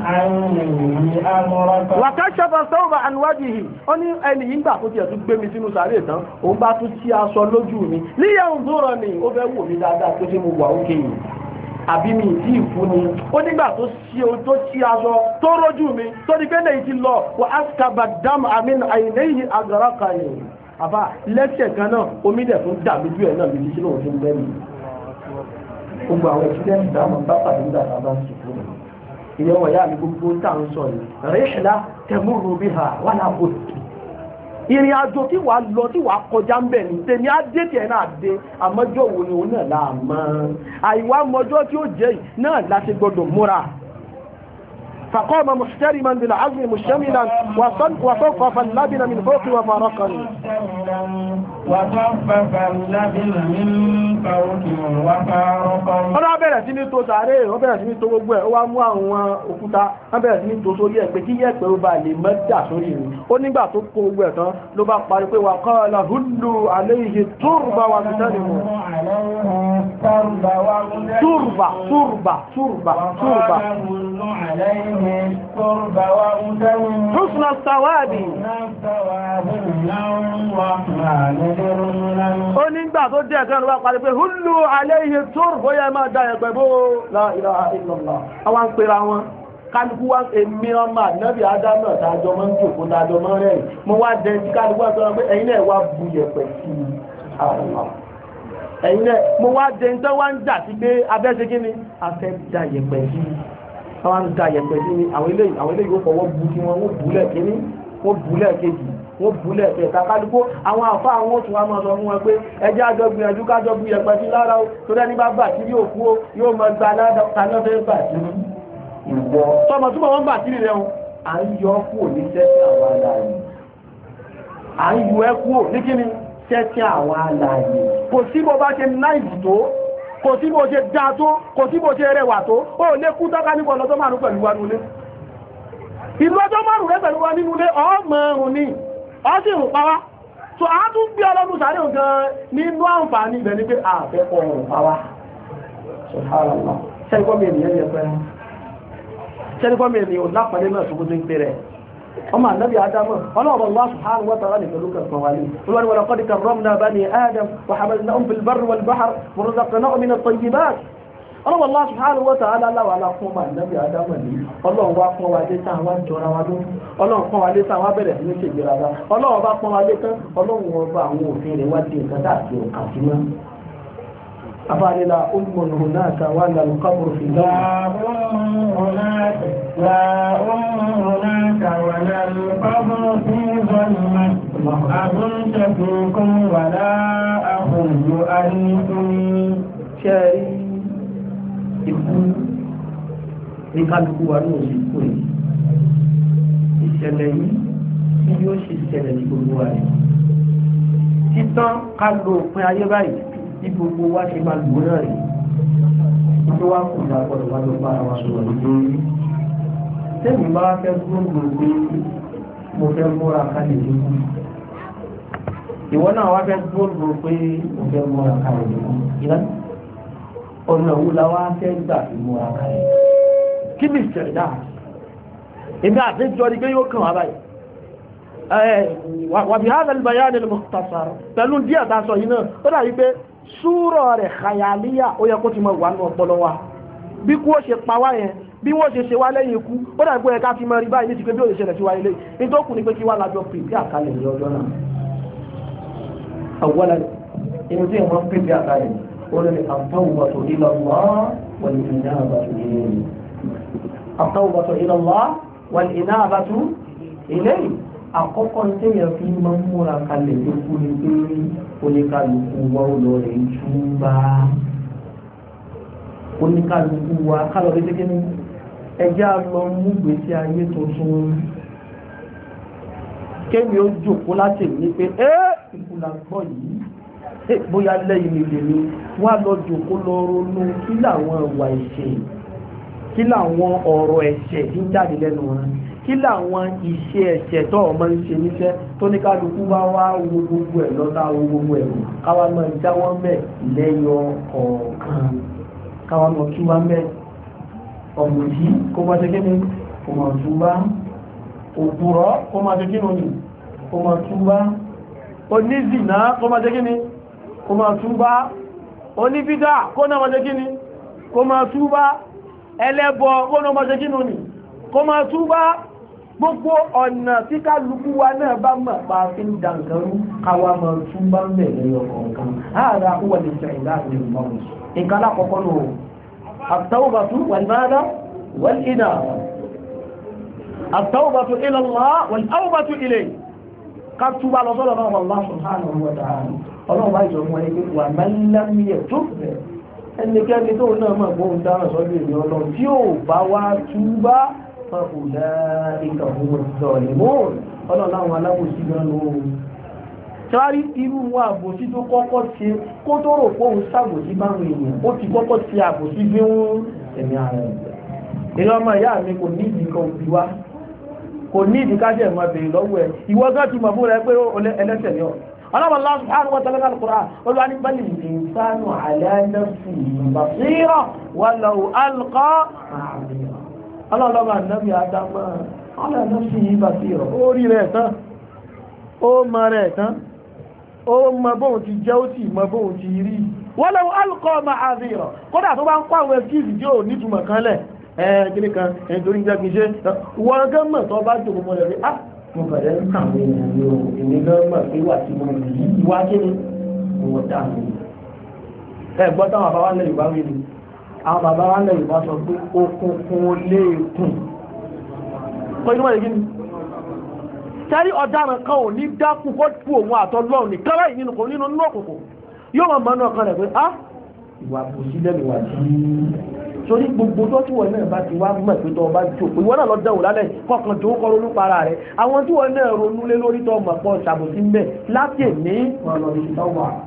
عينه أمرك وكشف الثوب عن وجهه ó ní ẹni yìí gbà kó tiẹ̀ tún gbé mi sínú sàárè tán òun bá tún tí ni ó fẹ́ wò mí àbí mi ìdí ìfúnni ó nígbà tó ṣe o tó ṣí aṣọ tó rójú mi tó ní pé lèyí ti lọ wà á sábà dáàmù àmì àìlẹ́yìn agara kan àbá lẹ́sẹ̀ kan náà omi dẹ̀ fún dà lójú ẹ̀ náà lójú sínú òfin bẹ́ẹ̀ ni gbogbo àwọn ìṣẹ́lẹ̀ ìdáàmú bá pàdé nígbà tá a bá ń sùkúrù ìyẹn wọ̀nyá mi gbogbo tá à ń sọ yìí rèéṣìlá tẹmúrú bí ha wà láàbò tì ìrìn àjò tí wàá lọ tí wàá kọjá ń bẹ̀ ní tèmi á dé tiẹ̀ náà dé àmọ́jọ́ wo ni òun náà láàmọ́ àìwá mọ́jọ́ tí ó jẹ́ yìí náà láti gbọ́dọ̀ múra فقام محترما بالعزم مشتملا وصفف اللبن من فوق وفارقني وصفف اللبن من فوق وفارقني ọ̀nà abẹ́rẹ̀ sí ní tó sàárè wọ́n bẹ̀rẹ̀ sí ní tó gbogbo ẹ̀ ó wá mú àwọn òkúta wọ́n bẹ̀rẹ̀ sí ní tó sórí ẹ̀ pé kí yẹ̀pẹ̀ ó bá lè mẹ́jà sórí rẹ̀ ó nígbà tó kó gbogbo ẹ̀ tán ló bá parí pé wà kọ́ ọ̀la húlù àléyìí túrùbà wà ní sẹ́ni حسن الثواب ó nígbà tó jẹ́ ẹ̀kẹ́ ọ̀rọ̀ pàdé pé húlù aléyìí tó rò yẹ máa dá ẹgbẹ̀ bó la ilaha illallah àwọn ń pèrà wọn pé ẹ̀yin na wá bu yẹ̀pẹ̀ sí àwọn ẹ̀yin náà mo jà sí pé abẹ́sẹ̀ káwọn da yẹ̀pẹ̀ sí ni àwọn eléyìí àwọn eléyìí ó fọwọ́ bu kí wọn wọ́n bu lẹ́ẹ̀kíní wọ́n bu lẹ́ẹ̀kejì wọ́n bu lẹ́ẹ̀kẹta kálukó àwọn àfa àwọn oṣù wa máa sọ fún wọn pé ẹjẹ́ àjọ gbìyànjú kájọ bu yẹ̀pẹ̀ sí lára o tó dẹ́ni bá bà sí yóò kú o yóò máa gba aláàdáná fẹ́ bà sí ìwọ tọmọ túbọ̀ wọn bà sí rẹ o à ń yọ kú òní sẹ́sìn àwọn aláàyè à ń yọ ẹ kú òní kíni sẹ́sìn àwọn aláàyè kò sí bó bá ṣe náà ìbùtó kò sí bó ṣe dá tó kò sí bó ṣe rẹwà tó ó lé kú tọ́ka nípa ọlọ́jọ́ márùn pẹ̀lú wa nílé ìlú ọjọ́ márùn rẹ pẹ̀lú wa nínú ilé ọmọrùn ni ọ sì rùn pa wá so a tún gbé ọlọ́run sáré gan nínú àǹfààní ibẹ̀ ní pé àfẹ́kọ̀ ọ̀rùn pa wá ọmọ ànábì adamu ọlọ́ọ̀bọ̀ wá sùhánù wọ́n tara nìkan ló kẹsàn wálé olùwárí wọn lọ́kọ́ dìkan rọ́m náà bá ní adam wà hàmàlì náà fi bẹ́rù wọn bá har mùrùzàkà náà omi náà tọ́jú bá ọlọ́ọ̀bọ̀ wá sùhánù wọ́n tara aláwọ̀ aláfún ọmọ ànábì adamu ni ọlọ́ọ̀ wá pọ́n wa dé tán wá ń jọra wa lóhùn ọlọ́ọ̀ pọ́n wa dé tán wá bẹ̀rẹ̀ sí ní ṣègbéraga ọlọ́ọ̀ bá pọ́n wa dé tán ọlọ́ọ̀ wọn bá àwọn òfin rẹ̀ wá di nǹkan tá أفعل لا أم هناك ولا القبر في دولة لا أم هناك لا أم هناك ولا القبر في ظلمة أظن فيكم ولا أخذ يؤنسني شاري ikú ní kálukú wa náà sì kú yìí ìṣẹ̀lẹ̀ yìí tí yóò sì ṣẹlẹ̀ ní gbogbo wa títán ká lo òpin ayé báyìí bí gbogbo wa ṣe máa lò náà rí tó wá kù ní agbọ́dọ̀ wá ló bá wa sọ̀rọ̀ lórí tẹ́mi bá fẹ́ gbóngbò pé mo fẹ́ múra kalẹ̀ lókun ìwọ náà wá fẹ́ gbóngbò pé mo fẹ́ múra kalẹ̀ lókun ìlànà ọ̀nà òun la wá fẹ́ gbà fi múra kalẹ̀ kí ni ìṣẹ̀dá èmi àti ìjọri pé yóò kàn wá báyìí wàbí hàn lè bayá ni mo tàṣà pẹ̀lú díẹ̀ tá yìí náà ó dàbí pé súrọ̀ rẹ̀ kàyàlíyà ó yẹ kó ti mọ wà ní ọpọlọ wa bí kú ó ṣe pa wá yẹn bí wọ́n ṣe ṣe wá lẹ́yìn ikú ó dàbí pé ẹ̀ka fi mọ rí báyìí ní ti pé bí ó ṣe ṣẹlẹ̀ sí wa ilé nítòkù ni pé kí wá lájọ pèsè àkàlẹ̀ ní ọjọ́ náà àkọ́kọ́ téèyàn fi máa ń múra kalẹ̀ tó kú ni pé oníkàlùkù wa ò lọ rẹ̀ tú bá oníkàlùkù wa kálọ̀ lé tẹ́kẹ́ ní ẹjẹ́ àlọ́ mú gbèsè ayé tuntun kémi ó jòkó láti ní pé ẹ́ ìkùlà gbọ́ yìí bóyá lẹ́yìn ilé ni wọ́n á lọ jòkó lọ ronú kí làwọn ìwà ẹ̀ṣẹ̀ kí làwọn ọ̀rọ̀ ẹ̀ṣẹ̀ tí ń jáde lẹ́nu wọn kí làwọn iṣẹ́ ẹ̀ṣẹ̀ tó ọmọ ń ṣe níṣẹ́ tó ní kálukú bá wá wo gbogbo ẹ̀ lọ́ta wo gbogbo ẹ̀ káwa mọ ìjà wọn mẹ́ lẹ́yọ kọ̀ọ̀kan káwa mọ kí wá mẹ́ ọ̀gbìn yìí kó wá ṣe kí ni kò mọ̀ tún bá òbúrọ̀ kó máa ṣe ní kó túbá onízìnà kó máa ṣe ní kó túbá onífídà kó náà máa ṣe ní kó túbá ẹlẹ́bọ kó náà máa ṣe ní kó máa túbá gbogbo ọ̀nà tí kálukú wa náà bá mọ̀ pa fi ń da nǹkan rú káwa mọ̀ tún bá ń bẹ̀rẹ̀ lọ́kọ̀ọ̀kan ààrẹ àkúwà lè ṣe ìlà àti ìmọ̀ràn nǹkan alákọ̀ọ́kọ́ nù àtàwùbàtú wàlmáàdá wàlínà àtàwùbàtú ilọ̀lá wàlmáàdá ilẹ̀ ká túbà lọ sọ́dọ̀ náà wàlá subhanahu wa ta'ala ọlọ́run bá ìjọ wọn ẹgbẹ́ wà mẹ́lẹ́mìẹ̀ tó fẹ́ ẹnikẹ́ni tó náà mọ̀ bóun dára sọ́dọ̀ ènìyàn lọ tí ò bá wá túbà فأولئك هم الظالمون ọlọ́run láwọn alábòsí gan ló ń sáré irú wọn àbòsí tó kọ́kọ́ ṣe kó tó rò pé òun ṣàbòsí báwọn èèyàn ó ti kọ́kọ́ ṣe àbòsí bí ń ẹ̀mí ara rẹ̀ ìlú ọmọ ìyá mi kò ní kan òbí wá kò ní ìdí ká bèèrè lọ́wọ́ ẹ̀ ìwọ gán ti mọ̀ fúnra ẹ pé ẹlẹ́sẹ̀ ni ọ ọlọ́run láwọn subhanahu wa ọlọ́lọ́mà nẹ́bí adámọ́ ọlọ́lọ́ sí yí bá sí rọ̀ ó rí rẹ̀ tán ó mọ rẹ̀ tán ó mọ bóhun ti jẹ́ ó sì mọ bóhun ti rí wọ́n lọ́wọ́ alùkọ́ ọmọ àti rọ̀ kódà tó bá ń pàwọn ẹkíìsì tí ò nítumọ̀ kan lẹ̀ ẹ̀ẹ́dìrí kan ẹ̀ẹ́dìrí jẹ́ kìí ṣe wọ́n gẹ́mọ̀ tó bá jòkó mọ́ rẹ̀ ah mo bẹ̀rẹ̀ ń kàwé ìrìnàjò èmi gẹ́mọ̀ pé wà tí mo rí ìwá kí ni mo dà mí ẹ̀ gbọ́ táwọn àbáwá lẹ́yìn bá wí àwọn bàbá wa lẹ̀ Yorùbá sọ pé okùnkùn lè kùn kọ́ inú wọ́n tẹ́rí ọ̀daràn kan ò ní dákù kó kú òun àtọ́lọ́run nìkan láì nínú kò nínú inú òkùnkùn yóò mọ̀ mọ́nú ọkàn rẹ̀ pé á ìwà kò sí lẹ́nu wà sí torí gbogbo tó tí wọn náà bá ti wá mọ̀ pé tó o bá jókòó ìwọ náà lọ dẹ̀wò lálẹ́ kọ̀ọ̀kan tó kọ́ ronú para rẹ̀ àwọn tí wọn náà ronú lé lórí tó mọ̀ pọ̀ ṣàbòsí mẹ́ láti ní ọ̀nà ìṣ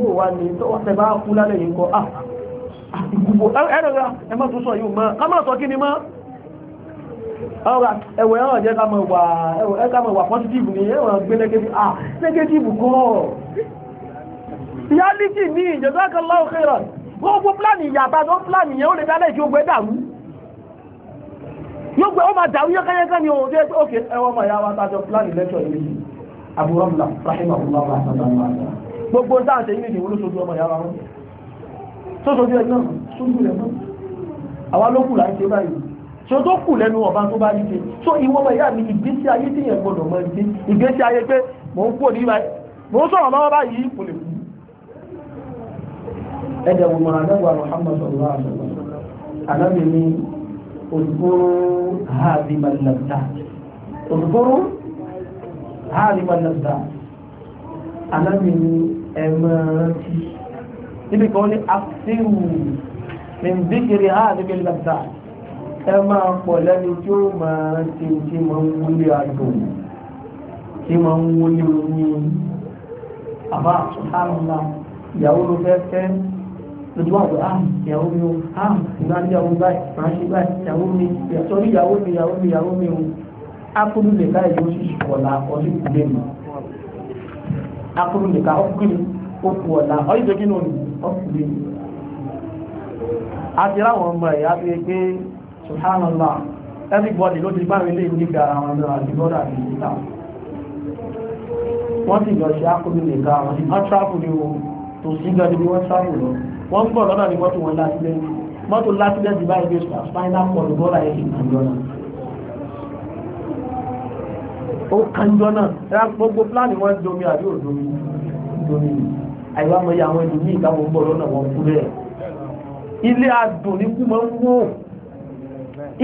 bó wà ní tó wọ́n tẹ bá kú lálẹ́ yìí kọ́ ah, ah, ìgbùgbò ẹ̀rọ̀ra ẹ má tún sọ yìí mọ́ ká má sọ o ni mọ́ ẹwẹ̀ ẹ̀rọ̀ jẹ́ ká mọ̀ wà positive ni ẹwà gbé negative ah negative o reality ní jazakallahu khairan gbogbo pláàni ìyàbá tó pláàni yẹn ó lè dálẹ̀ ìṣògbé dàrú yóò gbé ó máa dàrú yẹ́kẹ́yẹ́kẹ́ ni òun jẹ́ òkè ẹwọ́n máa yá wá tájọ pláàni lẹ́tọ̀ yìí Abu Ramla rahimahullah wa sallallahu alaihi wa sallam gbogbo sáàtẹ̀ ilé ìwòló sojú ọmọ ìyára wọn tó sojú ẹ̀ náà sójú rẹ̀ náà àwa ló kù láì ṣe báyìí tí ó tó kù lẹ́nu ọ̀bá tó bá rí ṣe tó ìwọ́n ọmọ ìyá mi ìgbésí ayé tí yẹn gbọdọ̀ mọ ìgbé ìgbésí ayé pé mò ń kúrò níbàá mò ń sọ̀rọ̀ lọ́wọ́ báyìí kò lè kú ẹ̀dẹ̀ wò mọ̀ràn lẹ́wọ̀ Muhammad sallallahu alaihi wasallam alábì ní olùkóró háàbí malabda olùkóró háàbí malabda alábì ẹ̀mọ̀rántí níbi kan ní àfíwù mẹ́bíkiri àdébí lọ́tà ẹ máa pọ̀ lẹ́nu tí ó máa rántí tí ma ń wúlé àdùn tí ma ń wúlé omi àbá àmà ìyàwó ló fẹ́ fẹ́ lójú àgbà á ah, ìyàwó mi ó á ah, ìgbà níyàwó báyìí máa ṣe báyìí ìyàwó mi ìyàtọ̀ ìyàwó mi ìyàwó mi ìyàwó mi ó akụrụ dịka ọkụkụrụ okwuọla ọyịzọ gị n'onu ọkụkụrụ àti ráwọn ọmọ ẹ̀ á fi pé subhanallah everybody ló ti gbáre lè nígbà àwọn ọmọ àti bọ́dà àti ìta wọ́n sì lọ ṣe ákùnrin nìkan àwọn ti máa tráfù ní o tó sí gẹ́gẹ́ bí wọ́n tráfù lọ wọ́n ń ní wọn spinal cord ó kànjọ́ náà ẹ̀rá gbogbo pláàni wọ́n domi àbí òdomi domi àìwá mọ̀yà àwọn ìlú ní ìgbàmọ̀ ń bọ̀ lọ́nà kú ilé adùn ní kú máa ń wó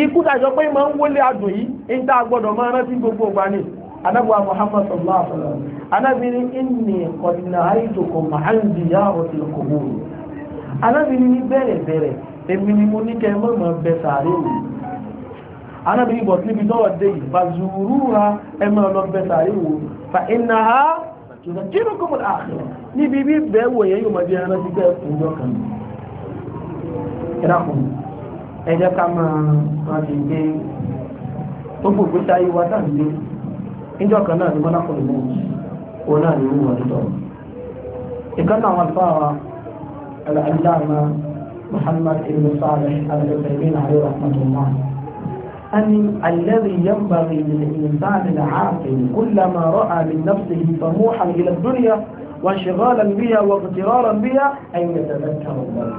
ikú dàjọ́ pé ma ń wólé adùn yìí ń tá a gbọ́dọ̀ máa rántí gbogbo ìgbà ni anábùwà Muhammad sallallahu alaihi wa sallam inni anábìrin bọ̀ síbi tọ́wọ̀ dé yìí fa zùúrù ha ẹ máa lọ bẹ sàárè wò fa iná ha kínú kó mọ̀ àkìrọ̀ níbi bí bẹ́ẹ̀ wò yẹn yóò máa di ẹran ti bẹ́ẹ̀ fún ọjọ́ kan ẹ dákun ká máa máa fi gbé tó gbogbo sí ayé wa dáhùn dé níjọ́ kan náà ní mọ́nàkùnrin mọ́ òun náà ní ìwọ̀n dídọ̀ ìkànnà àwọn àlùfáà wa العلامة محمد بن صالح العثيمين عليه رحمة الله أن الذي ينبغي للإنسان العاقل كلما رأى من نفسه طموحا إلى الدنيا وانشغالا بها واغترارا بها أن يتذكر الله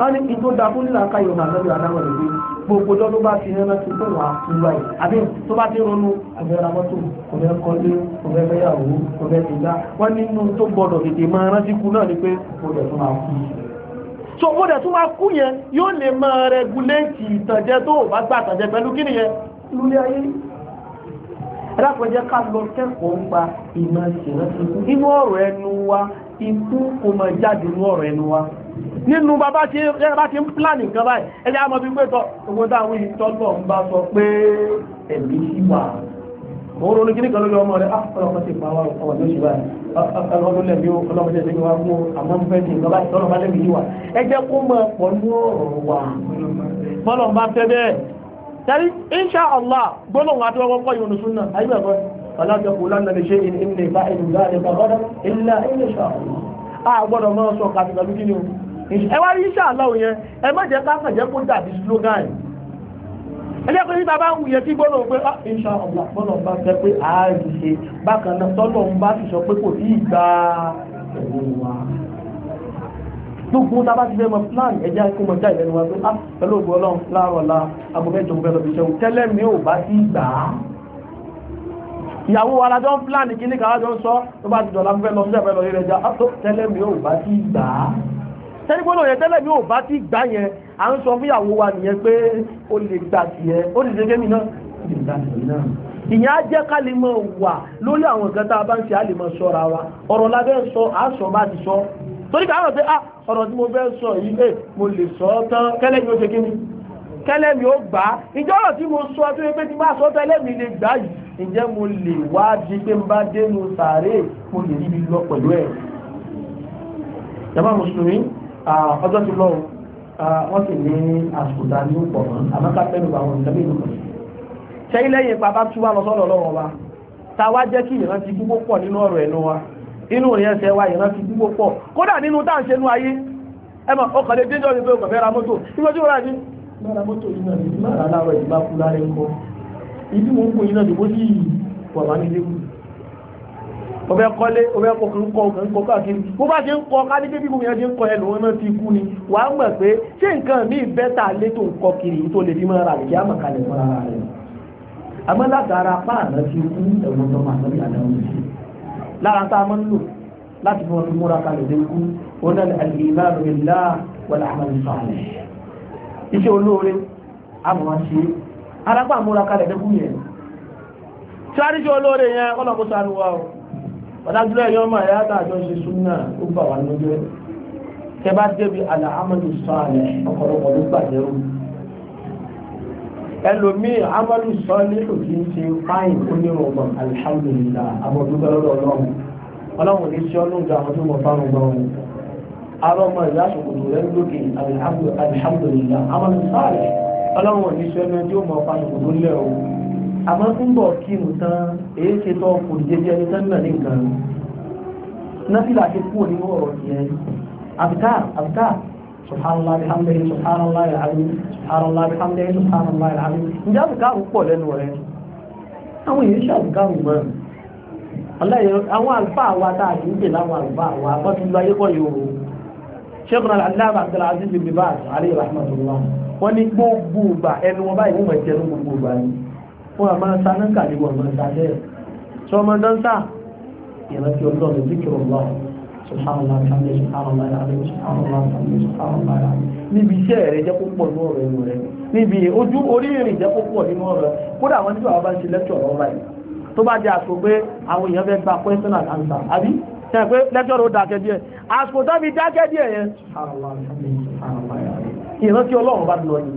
wọ́n ní tó da fún nílà káyọ̀ máa lọ́dọ̀ adáwọ̀ rẹ̀ pé gbogbo lọ́dún bá ti rẹ́nà tó tó wà nígbà yìí àbí tó bá ti ronú àbẹ̀rẹ̀ mọ́tò kò fẹ́ kọ́lé kò fẹ́ fẹ́yàwó kò fẹ́ tìgbà wọ́n nínú tó gbọ́dọ̀ tètè máa rántí kú náà ni pé kò dẹ̀ tó máa kú yìí so mo dẹ̀ tún wá kú yẹn yóò lè máa rẹguléètì ìtànjẹ tó bá gbà tànjẹ pẹ̀lú kí nìyẹn lulẹ̀ ayé ẹ̀dàpẹ̀jẹ́ ká lọ kẹ́kọ̀ọ́ ń pa ìmọ̀ ìṣẹ̀lẹ̀ inú ọ̀rọ̀ ẹnu wa ikú kò mọ̀ jáde òun ronú kíní kan lórí ọmọ rẹ̀ ah, ọlọ́pàá ti pa àwọn ọmọ tó ṣe báyìí ah, ah, ọlọ́pàá lẹ́bi ọlọ́pàá ti wá fún àmọ́ fẹ́ ti ìjọba ọlọ́pàá lẹ́bi yìí wà ẹ jẹ́ kó mọ̀ pọ̀ ní ọ̀rọ̀ wa bọ́lọ̀ bá fẹ́ bẹ́ẹ̀ tẹ́lí insha allah gbọ́dọ̀ wọn àti wọn kọ́ ìrònú súnà ayébẹ̀ kọ́ ọlọ́jọ́ kò lánà lè ṣe ìrìnnà ìbá ìrìnnà ìbá allah a gbọ́dọ̀ mọ́ sọ kàtìkàlù kí ni o ẹ allah yẹn ẹ má jẹ́ ká kàn jẹ́ kó ẹjẹ́ pé níta bá ń wuyẹ tí gbọ́nà pé ìṣà ọ̀gbà gbọ́nà bá fẹ́ pé ààrùn ṣe bákan náà tọ́lọ̀ ń bá sì sọ pé kò sí ìgbà gbogbo tá a ti fẹ́ mọ plan ẹ̀jẹ̀ kó mọ já ìlẹ́nu wa pé á ah, pẹ̀lú ògbó ọlọ́run láàárọ̀ la agbọ̀fẹ́ jọ fẹ́ lọ tẹ́lẹ̀ mi ò bá sí gbà á ìyàwó wa la ń plan kí ní kàwá ń sọ tó bá ti dọ̀la fẹ́ lọ sí ẹ̀fẹ́ lọ rí rẹ̀ já ah, tẹ́lẹ̀ mi ò bá sí gbà á tẹ́lifóònù yẹn tẹ́lẹ̀ mi ò bá ti gbà yẹn à ń sọ fúyàwó wa nìyẹn pé ó lè gbà tiẹ̀ ó lè ṣe kémi náà lè gbà tiẹ̀ náà ìyẹn á jẹ́ ká lè mọ wà lórí àwọn nǹkan tá a bá ń ṣe á lè mọ sọ́ra wa ọ̀rọ̀ la bẹ́ẹ̀ sọ à sọ bá ti sọ torí ká àwọn pé à ah, ọ̀rọ̀ tí mo fẹ́ sọ yìí ẹ̀ eh, mo lè sọ ọ́ tán kẹ́lẹ́ mi ó ṣe kíni kẹ́lẹ́ mi ó gbà á ìjọ ọ̀rọ̀ tí mo sọ tó yẹ pé tí bá sọ tẹ́lẹ̀ mi lè gbà yìí ǹjẹ́ mo lè wá di pé n bá dénú sàárè mo lè rí mi lọ pẹ̀lú ẹ̀. yàrá mùsùlùmí Ah, ọjọ́ ti lọ́wọ́ ah, wọ́n sì ní àsùkùdá ní pọ̀ àmọ́ ká pẹ́lú àwọn ìtẹ́lẹ̀ ìlú kan. ṣé ilẹ̀yìn pa bá tú wá lọ sọ́dọ̀ lọ́wọ́ wa ta wá jẹ́ kí ìrántí púpọ̀ pọ̀ nínú ọ̀rọ̀ ẹ̀nu wa inú rẹ̀ ẹsẹ̀ wa ìrántí púpọ̀ pọ̀ kódà nínú tá à ń ṣe nú ayé ẹmọ ọkàn lè déjọ́ ní pé ọkàn fẹ́ ra mọ́tò ìgbọ́jú rà ní mọ́ra mọ́tò yìí náà ní ọbẹ̀ kọ́lé ọbẹ̀ kọkànkọ́ kọkànkọ́ káàkiri bó bá ṣe ń kọ ká dédé bí gbogbo yẹn ṣe ń kọ ẹ lòun náà ti kú ni wà á mọ̀ pé ṣé nǹkan láti fún ọdún múra kalẹ̀ dé kú ó ilá wọlé àmàlù sọ̀rọ̀ iṣẹ́ olóore àmọ́ ṣe arápá múra kalẹ̀ dé yẹn sáré iṣẹ́ olóore yẹn ọlọ́mọ sanu wa pàtàkì lẹ́yìn ọmọ ẹ̀yà àtàjọ ṣe súnmọ́ ó gbà wá lójú ẹ̀ tẹ bá débi àlàámọ́lù sọ́ọ̀lẹ̀ ọ̀pọ̀lọpọ̀ ló gbàjẹ́ o ẹlòmíì amọ́lù sọ́ọ̀lẹ̀ kò kí ń ṣe fáìn onírọ̀gbọ̀n alihamudulilá abọ́dúgbẹ́ lọ́dọ̀ ọlọ́run ọlọ́run ní sí ọlọ́run ga àwọn tó mọ̀ fáwọn ọgbà wọn arọ ọmọ ìyá sòkòtò rẹ amọ́lù sọ́ọ̀lẹ̀ ọlọ́run ní sí ọlọ́run tí àmọ́ tó ń bọ̀ kí nù tán èyí ṣe tọ́ kò jẹjẹ ẹni tán náà ní nǹkan ṣe kúrò nínú ọ̀rọ̀ yẹn àbíkà àbíkà subhanallah alhamdulilayi subhanallah alhamdulilayi subhanallah alhamdulilayi subhanallah alhamdulilayi ǹjẹ́ àbíkà rú pọ̀ lẹ́nu rẹ̀ àwọn èyí ṣe àbíkà rú mọ́ àwọn àlùfáà wa tá a kì í pè láwọn àlùfáà wa bọ́tú lu ayékọ́ yìí o sheikh na aláàbà abdul aziz bin wọn a máa sáná kàdé wọn máa sá bẹ́ẹ̀ tí wọ́n máa dán sá ìrántí ọlọ́run zikiri ọlọ́run subhanallah kàmí subhanallah yàrá subhanallah kàmí subhanallah yàrá níbi iṣẹ́ rẹ̀ jẹ́ púpọ̀ nínú ọ̀rọ̀ ẹnu rẹ̀ níbi ojú orí ìrìn jẹ́ púpọ̀ nínú ọ̀rọ̀ kódà àwọn nígbà wọn bá ń ṣe lẹ́tọ̀ ọ̀rọ̀ báyìí tó bá jẹ́ dákẹ́ díẹ̀ àsìkò tó fi dákẹ́ díẹ̀ yẹn ìrántí ọlọ́run bá lọ yìí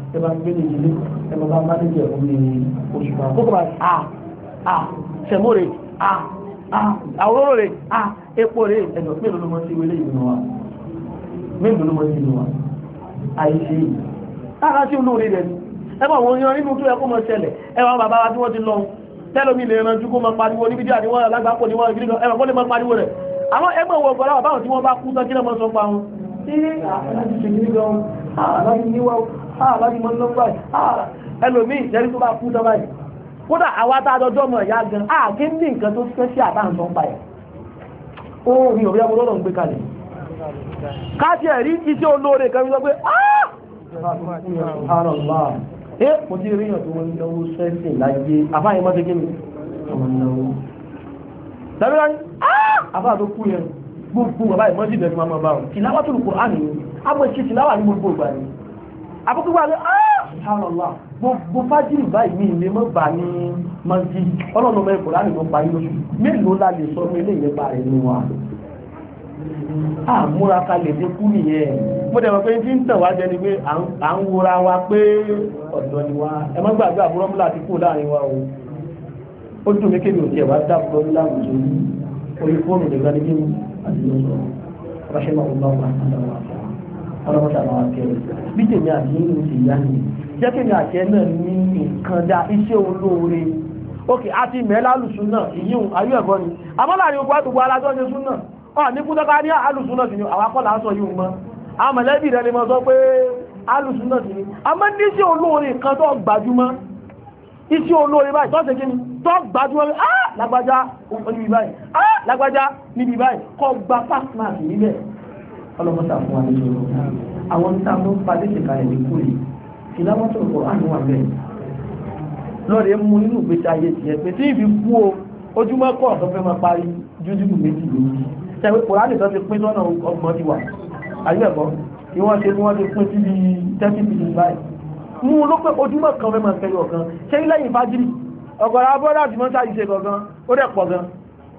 ẹ bá gbé ní ìdílé ẹ bá bá mánéjì ẹ̀kún ní oṣù kan tó kọ́ra à à sẹ̀mó rè à à àwòrán rè à epo rè ẹ̀dọ̀ mélòó ló mọ sí wẹlé ìgbìmọ̀ wa mélòó ló mọ sí ìgbìmọ̀ wa àyè ṣe yìí tára sí olóore rẹ̀ ni ẹ bá wọn yan nínú tó yẹ kó mọ ṣẹlẹ̀ ẹ wá bàbá wa tí wọ́n ti lọ tẹ́lómi lè ranjú kó mọ pariwo níbi díà níwọ̀n alágbàpọ̀ níwọ̀n ìgbìlẹ̀ ẹ̀rọ kó lè mọ pariwo rẹ̀ àwọn ẹgbẹ́ wọn gbọ́dọ̀ báwọn tí wọ́n bá kú tán kí lọ́mọ sọ pa wọn aláàbí mọ́ lọ́wọ́ báyìí ẹlòmíì jẹ́rí tó bá kú tán báyìí kódà àwa tá a dọjọ́ mọ̀ ìyá gan a ah, kí ní nǹkan tó fẹ́ sí àbáǹtọ́ ń báyìí ó rí òbí ọmọ lọ́dọ̀ ń gbé kalẹ̀ káàtì ẹ̀rí iṣẹ́ olóore kan sọ pé ẹ kò tí rí ìyàn tó wọn náwó sẹ́sìn láyé àfáàyè mọ́ tẹ́kẹ́ mi ọmọ náwó tẹ́lẹ̀ ah! àfáà tó kú yẹn gbogbo bàbá ìmọ̀jì bẹ̀rẹ̀ máa máa bá wọn kìláwà tó lù kùránì ni a mọ̀ ṣe kìláwà ní gbogbo ìgbà ni àbúkúgbà rẹ̀ ṣàrọ̀lá gbogbo fájìrì báyìí mi ilé mọ́ bà ní mọ́sí ọlọ́run mẹ́rin kòrán ìlú parí lóṣù mélòó la lè sọ ilé ìyẹ́pa rẹ̀ ní wa àmúra kalẹ̀ dé kú nìyẹn mo dẹ̀ mọ̀ pé tí ń tàn wá jẹ́ ni pé à ń wora wa pé ọ̀dọ́ ni wa ẹ má gbàgbé àbúrò ti kú láàrin wa o ó dùn mí kébi òkè wá dá àbúrò ńlá òjò orí fóònù lè gbá ní kí ni àti lọ́sọ̀rọ̀ rọ́ṣẹ́ máa ń bá wà á ọlọ́run ṣàmà àkẹ́rẹ́ bí tèmi àti yín ló yá ni jẹ́ tèmi àkẹ́ náà ní nǹkan dá iṣẹ́ olóore òkè àti mẹ́lá lùsùn náà ìyíhun ayé ẹ̀kọ́ ni àbọ́là ni gbogbo àtògbò alájọ́ ṣe sún náà ọ̀ ní kúndọ́ká ní àlùsùn náà sì ni àwọn akọ́là sọ yìí mọ́ àwọn mọ̀lẹ́bí rẹ̀ ni mo sọ pé àlùsùn náà sì ni a máa ní iṣẹ́ olóore kan tó gbajúmọ́ iṣẹ́ olóore báyìí tó ṣe kí ni tó gbajúmọ́ ah, ah, lágbájá níbi báyìí lágbájá níbi báyìí kọ́ gba pásítọ̀ ọlọ́mọta fún wa nínú ọ̀rọ̀ àwọn tá a mú padé ṣèkalẹ̀ ní kúrì ìlàmọ́tò ọ̀rọ̀ àánú wà bẹ́ẹ̀ lọ́rẹ̀ mú nínú ìgbésí ayé tiẹ̀ pé tí ìfi kú o ojúmọ́ kọ́ ọ̀tọ́ fẹ́ máa parí jújúmù méjì lórí tẹ́wé kòránì tó ti pín lọ́nà ọgbọ̀n ti wà àyẹ̀kọ́ ni wọ́n ṣe ní wọ́n ti pín síbi tẹ́sí ti báyìí mú ló pé ojúmọ́ kan fẹ́ máa fẹ́ yọ̀ kan ṣé lẹ́yìn fájírì ọ̀gọ̀rọ̀ abọ́dà tí wọ́n ṣàyíṣe gangan ó dẹ̀ pọ̀ gan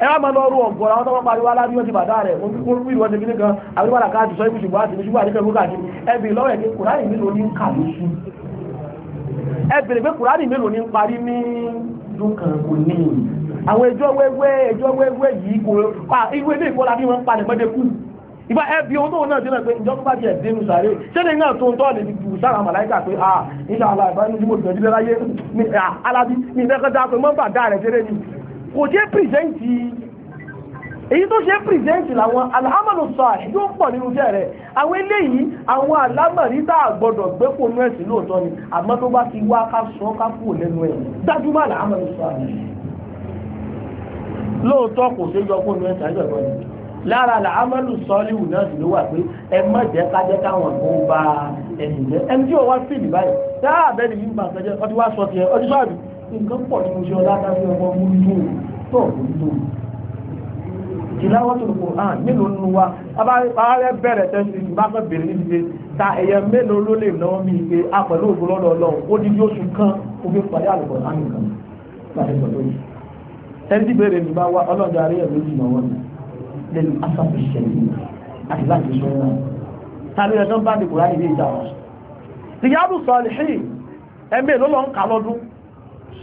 ẹ wá máa lọ rú ọ̀gọ̀rọ̀ àwọn tọ́wọ́ pariwo aláàbí wọn ti bàdá rẹ̀ orú ìwọ́n ti fi nìkan àbí wàrà káàdì sọ ibùsùn wá sí ibùsùn wà nípa ìwúkà kiri ẹ bèrè lọ́wọ́ ẹ̀ pé kùránì mélòó ní kà lóṣù ẹ bèrè pé kùránì mélòó ní parí ní dúkan kò ní àwọn ẹjọ́ wẹ́wẹ́ ẹjọ́ wẹ́wẹ́ yìí kò pa ìwé ilé ìkọlá bí wọ́n ń palẹ̀ mọ́dẹ́kù ìbá ẹbí ohun tóun náà ti náà pé ìjọba bá tiẹ̀ dénú sàárè ṣẹlẹ̀ náà tó ń tọ́ lè bù sára màláìka pé à ìṣàlà ìbánú tí mo tẹ̀lé láyé alábí ní ìfẹ́ kọjá pé mọ́bà dá rẹ̀ kéré ni kò jẹ́ pìrìsẹ́ǹtì èyí tó ṣe pìrìsẹ́ǹtì làwọn alhamadu sọ́ọ̀ṣì yóò pọ̀ nínú iṣẹ́ rẹ̀ àwọn eléyìí àwọn alámọ̀rí tá a gbọ́dọ̀ gbé kó nú ẹ̀sìn lóòótọ́ ni àmọ́ tó bá ti wá ká sọ ká kú lẹ́nu ẹ̀ dájú má alhamadu sọ́ọ̀ṣì lóòótọ́ kò ṣe yọ kó nú ẹ̀sìn àjọ̀gbọ́n ni lára alhamadu sọ́ọ̀lì wù náà sì ló wà pé ẹ nǹkan pọ̀ tí mo ṣe ọlá dájú ọmọ mú lò tó mú lò ìláwọ́tò kò hàn ah, mélòó nínú wa abáyẹ bẹ̀rẹ̀ tẹ́sí bá fẹ́ bèrè níbi pé ta ẹ̀yẹ mélòó ló lè náwó mi pé a pẹ̀lú ògbó lọ́dọ̀ ọlọ́run ó di bí oṣù kan ó fi pàdé àlùkò láàmì kan pàdé pẹ̀lú yìí tẹ́sí bèrè mi bá wá ọlọ́dọ̀ àríyẹ̀ méjì náà wọ́n lẹ́nu asáfù ṣẹ̀yìn àti láti sọ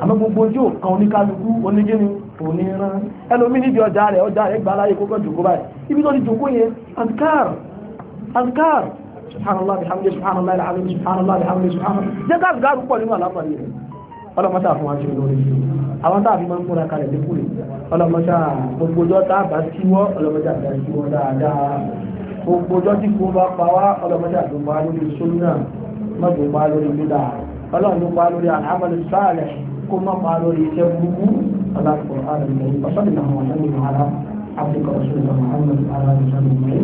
àmọ́ gbogbo ojú kan oníkálukú onígíní oníran ẹlòmí níbi ọjà rẹ̀ ọjà rẹ̀ gba aláyé kókó jòkó báyìí ibi tó ti jòkó yẹn azkar azkar subhanallah bihamdi subhanallah alazim subhanallah bihamdi subhanallah jẹ́ ká azkar pọ̀ nínú àlápàdé rẹ̀ ọlọ́mọta fún wa ṣe ọlọ́run ló pa lórí àlámọ́lẹ̀ sáàlẹ̀ kó má pa lórí iṣẹ́ burúkú aláàfọ̀ àrùn ìfọ̀sọ́dì àwọn ọ̀sán ìlú ara áfíríkà ọ̀sán ìlú muhammed ara ìsọ̀rọ̀ ìwé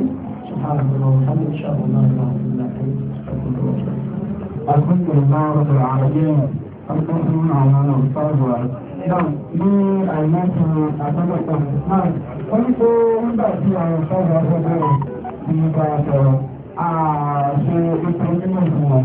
سبحانك اللهم وبحمدك اشهد ان لا اله الا انت استغفرك واتوب اليك الحمد لله رب العالمين الرحمن على الصلاه والسلام náà ní àìmọ́sán àtọ́lọ́pọ̀ náà wọ́n ní pé nígbà tí àwọn sọ́ọ̀rọ̀ ọgbọ́n bẹ̀rẹ̀ ní àṣẹ ètò ìgbìmọ̀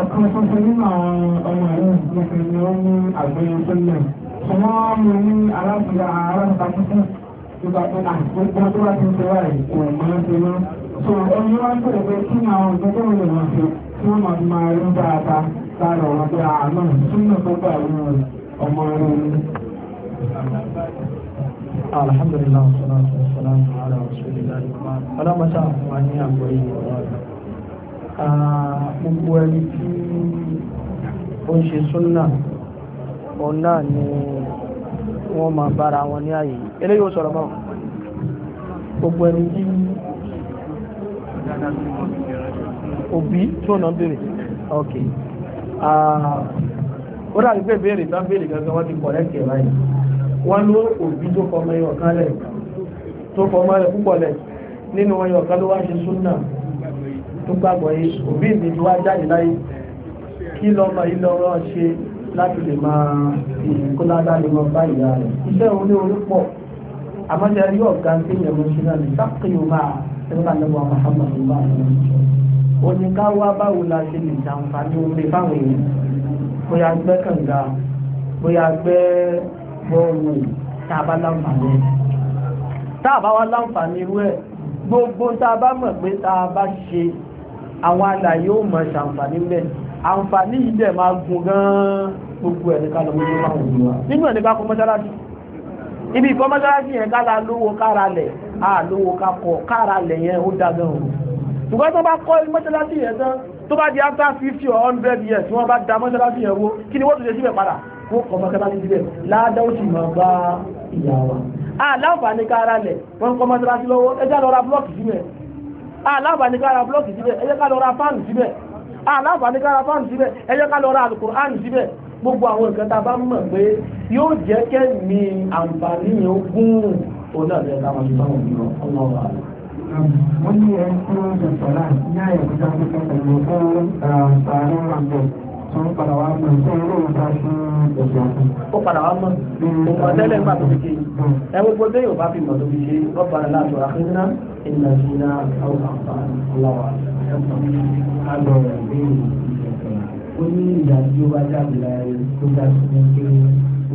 ọ̀kan ṣoṣo nínú àwọn ọmọ ìlú nìkan ni ó ní àgbẹ̀yẹ sílẹ̀ ṣùgbọ́n mo ní alábìlà alábàákúkú nígbà tó náà gbogbo tó bá ti ń ṣe wáyé kò mọ́ ń ṣe mọ́ so ẹni wá ń bèrè pé kí ni àwọn nǹkan tó ń lè wọ́n ṣe tí wọ́n máa fi máa rí dáadáa lára ọ̀rọ̀ bí àánú súnmọ́ tó gbà ní ọmọ rẹ̀ ni. alhamdulilayi wa salatu wa salam ala rasulillah ọlọ́mọṣà fún wa ní àgbọ̀yé ọ̀rọ̀ rẹ̀ gbogbo ẹni tí ó ń ṣe súnà òun náà ni wọ́n máa bára wọn ní ààyè eléyìí ó sọ̀rọ̀ mọ́ gbogbo ẹni tí òbí tí ó náà béèrè ok ó dàbí pé béèrè bá béèrè gangan wọ́n ti kọ̀rẹ́kì ẹ̀ báyìí wọ́n ló òbí tó fọmọ ẹyọ kan lẹ̀ tó fọmọ ẹ̀ púpọ̀ lẹ̀ nínú ẹyọ kan ló wá ṣe súnà tó gbàgbọ́ yìí òbí mi ti wá jáde láyé kí lọ́mọ ìlọrọ ṣe láti lè máa fi kó ládá lè máa bá ìyá rẹ̀ iṣẹ́ òun ní orí pọ̀ àmọ́jẹ́ rí ọ̀gá tí ìyẹn mo ṣe náà ní sákìyò máa ṣe Muhammad ọba àwọn oníká wá báwo la ṣe lè ṣàǹfààní omi báwọn èèyàn bóyá gbẹ́ kànga bóyá tá a bá láǹfààní tá a bá wá láǹfààní irú ẹ̀ gbogbo tá a bá mọ̀ pé tá a bá ṣe àwọn àlàyé ó mọ̀ ṣàǹfààní mẹ́ àǹfààní yìí dẹ̀ máa gùn gan gbogbo ẹ̀ nìkan lọ́wọ́ tó máa wùdú nínú ẹ̀ nìkan kọ́ ibi ìkọ́ mọ́ṣáláṣí yẹn kára lówó kára lẹ̀ á lówó kakọ kára lẹ̀ yẹn ó dá gan o ṣùgbọ́n tó bá kọ́ mọ́ṣáláṣí yẹn tán tó bá di after fifty or hundred years tí wọ́n bá da mọ́ṣáláṣí yẹn wó kí ni wọ́n tún ṣe síbẹ̀ padà kó kọ́ mọ́ṣáláṣí síbẹ̀ ládàá ó sì máa bá ìyá wa. àláǹfààní kára lẹ̀ wọ́n kọ́ mọ́ṣáláṣí lọ́wọ́ ẹjá lọ búlọ́ọ̀kì síbẹ̀ alábàánikára blọ́ọ̀kì síbẹ̀ ẹjẹ́ ká lọ ra fáànù síbẹ̀ alábàánikára fáànù síbẹ̀ ẹjẹ́ ká lọ ra àlùkùránì síbẹ̀ gbogbo àwọn nǹkan tá a bá mọ̀ pé yóò jẹ́ kẹ́mi àǹfààní yẹn gún òun náà lẹ́yìn táwọn ṣe báwọn mìíràn ọmọ wa. wọ́n ní ẹni tí wọ́n ṣe sọ̀rọ̀ ní àyẹ̀kúta pípẹ́ pẹ̀lú fún sàárẹ̀ àgbẹ̀ tó ń padà wá mọ̀ sí olóòótá sí ẹ̀sìn ọ̀sán. ó padà wá mọ̀ ọ̀pọ̀ tẹ́lẹ̀ nígbà tó fi kéyìí ẹ̀wọ̀n gbogbo yóò bá fi mọ̀ tó fi ṣe ọ̀pọ̀ àrẹ láti ọ̀rá fún náà ìlànà ìlànà àwọn àǹfààní ọlọ́wà ẹ̀fọn àgbọ̀ rẹ̀ pé ó ní ìyá tí ó bá jáde láyé tó dá sí ní pé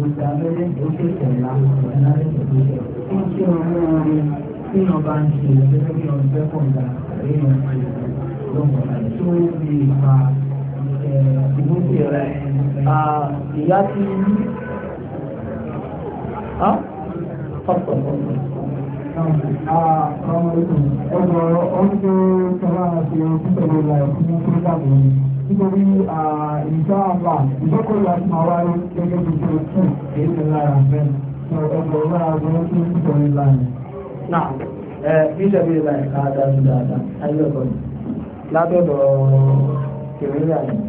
ó dá lẹ́lẹ́ ó ṣe ìtẹ̀lá ìtẹ̀lá ìtẹ̀lá ó ṣe ọmọ rẹ̀ tí wọ́n bá ń ṣe ìgbésẹ̀ bí wọ́n fẹ́ pọ̀ ga rí wọn ṣe lọ́wọ́ tó lè fa ìmúṣe rẹ̀ ah, ìyá tí. Ọjọ́ ọjọ́ kẹwàá àti títẹ̀lé ìlà ìpínlẹ̀ Kíríkàbù yìí. Nítorí ìjọ àgbà ìjọ́kọ̀ọ́lá ti máa wáyé gẹ́gẹ́ bí ṣe kí èyí ti lára fẹ́. Ọjọ́ ọjọ́ ọjọ́ tí ó títẹ̀lé ìlà rẹ̀. Náà, ẹ bí ṣẹ̀bí ìlà ẹ̀ka dáadáa, ayé ọ̀gọ́ni. Lábẹ́dọ̀ kìrìyà yìí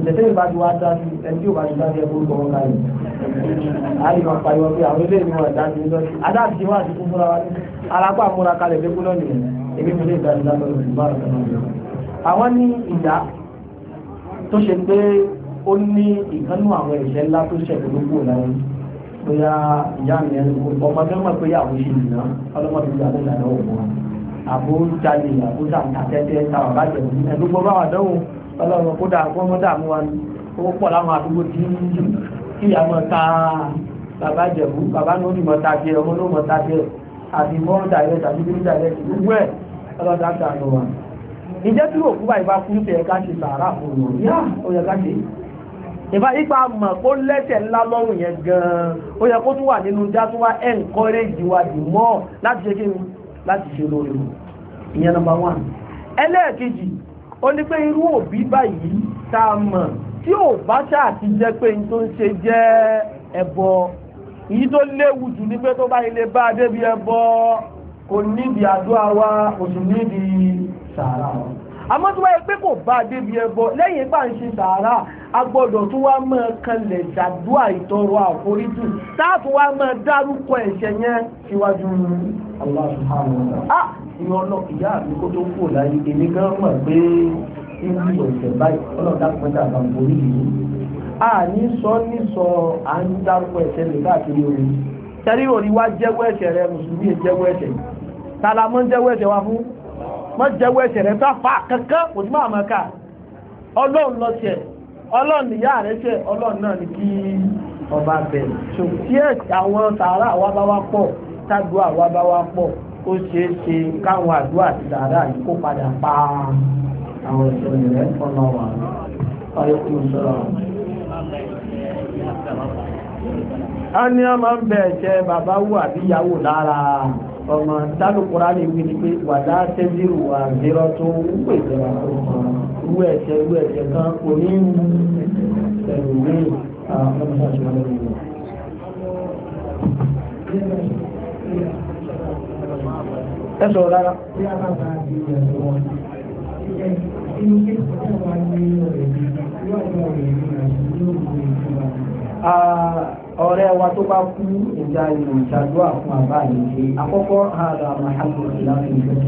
ìdẹ̀tẹ́ ìbá ti wá dá sí ẹni tí ò bá ti dá sí ẹkùn tó wọn káyìí àárín máa pariwo pé àwọn ilé ìwọ̀n ẹ̀dá ti lọ sí adáàbí ti wá àti fún fúnra wa ní alápá àmúra kalẹ̀ pé kú lónìí èmi mi lè dá sí dáná lórí ìbára kan náà àwọn ní ìyá tó ṣe pé ó ní ìkánú àwọn ẹ̀ṣẹ̀ ńlá tó ṣẹ̀ tó kú láyé bóyá ìyá mi ẹni ọmọ tó mọ̀ pé àwọn ṣe ìná ọlọ́mọdé ìyá tó dà náà wọ̀ àbó jalè àbó tàǹtà tẹ́tẹ́ tàwọn bá ọlọ́run kó dà fún mọ́tà mú wa ní owó pọ̀ láwọn àdúgbò tí kí àmọ́ ta bàbá jẹ̀bú bàbá ní onímọ̀ ta jẹ ọmọ ní onímọ̀ ta jẹ àti mọ́ dàrẹ́ tàbí bí dàrẹ́ gbogbo ẹ̀ ọlọ́dà ta lọ wa. ìjẹ́ tí òkú bá ìbá kú ṣe ẹ̀ka ṣe sàárà fún un yá ó yẹ gan-an ó yẹ kó tún wà encourage wa dì mọ́ láti ṣe ni láti ṣe lórí ìyẹn number one. ẹlẹ́ẹ̀kejì ó ní pé irú òbí báyìí tá a mọ̀ tí ò bá ṣáà ti jẹ́ pé n tó ń ṣe jẹ́ ẹbọ èyí tó léwu jù ní pé tó bá ilé bá a débi ẹbọ kò nídìí àdúrà wa kò sì nídìí sàárà wa àmọ́ tó wáyé pé kò bá débi ẹbọ lẹ́yìn bá ń ṣe sàárà a gbọ́dọ̀ tó wá mọ́ kanlẹ̀ ṣàdúà ìtọrọ àforíjì táàtù wá mọ́ dárúkọ ẹ̀ṣẹ̀ yẹn síwájú Allah ní ọlọ́ ìyá mi kó tó kúrò láyé èmi gan mọ̀ pé ibi ọ̀sẹ̀ báyìí ọlọ́dà pẹ́ta àbá borí ìlú. a ní sọ ní sọ à ń dárúkọ ẹ̀ṣẹ̀ rẹ̀ káàkiri orí tẹ́rí orí wá jẹ́wọ́ ẹ̀ṣẹ̀ rẹ̀ mùsùlùmí jẹ́wọ́ ẹ̀ṣẹ̀ tala mọ́ jẹ́wọ́ ẹ̀ṣẹ̀ wa fún mọ́ jẹ́wọ́ ẹ̀ṣẹ̀ rẹ̀ tá fa kankan kò ní máa mọ̀ọ́ká ọlọ́run lọ ṣẹ̀ ọlọ́run níyà rẹ̀ ṣẹ̀ ọlọ́run náà ní kí ọba bẹ̀rẹ̀ tí àwọn sàárà wa bá wá pọ̀ tágbó àwa bá wá pọ̀ ó ṣeé ṣe káwọn àdúrà àti dáadáa yìí kó padà pa àwọn ìṣẹ̀lẹ̀ rẹ̀ fọ́nà wà ọ̀yọ́kùn sọ̀rọ̀. a ní a máa ń bẹ̀ ẹ̀ṣẹ̀ bàbá wù àbí ìyàwó lára ọmọ tálùkùrá lè wí ni pé wàdá tẹ́sírù àzírọ́ tó ń pè jẹ́ra tó sọ irú ẹ̀ṣẹ̀ irú ẹ̀ṣẹ̀ kan kò ní ẹ̀rù ní ọmọ ìṣàṣùwọ̀n lẹ́yìn ẹ sọ̀rọ̀ rárá. ọ̀rẹ́ wa tó bá kú ìjà ìlú ìṣàdúrà fún àbá yìí ṣe àkọ́kọ́ ààrẹ àmàhàbò ìlànà ìjọba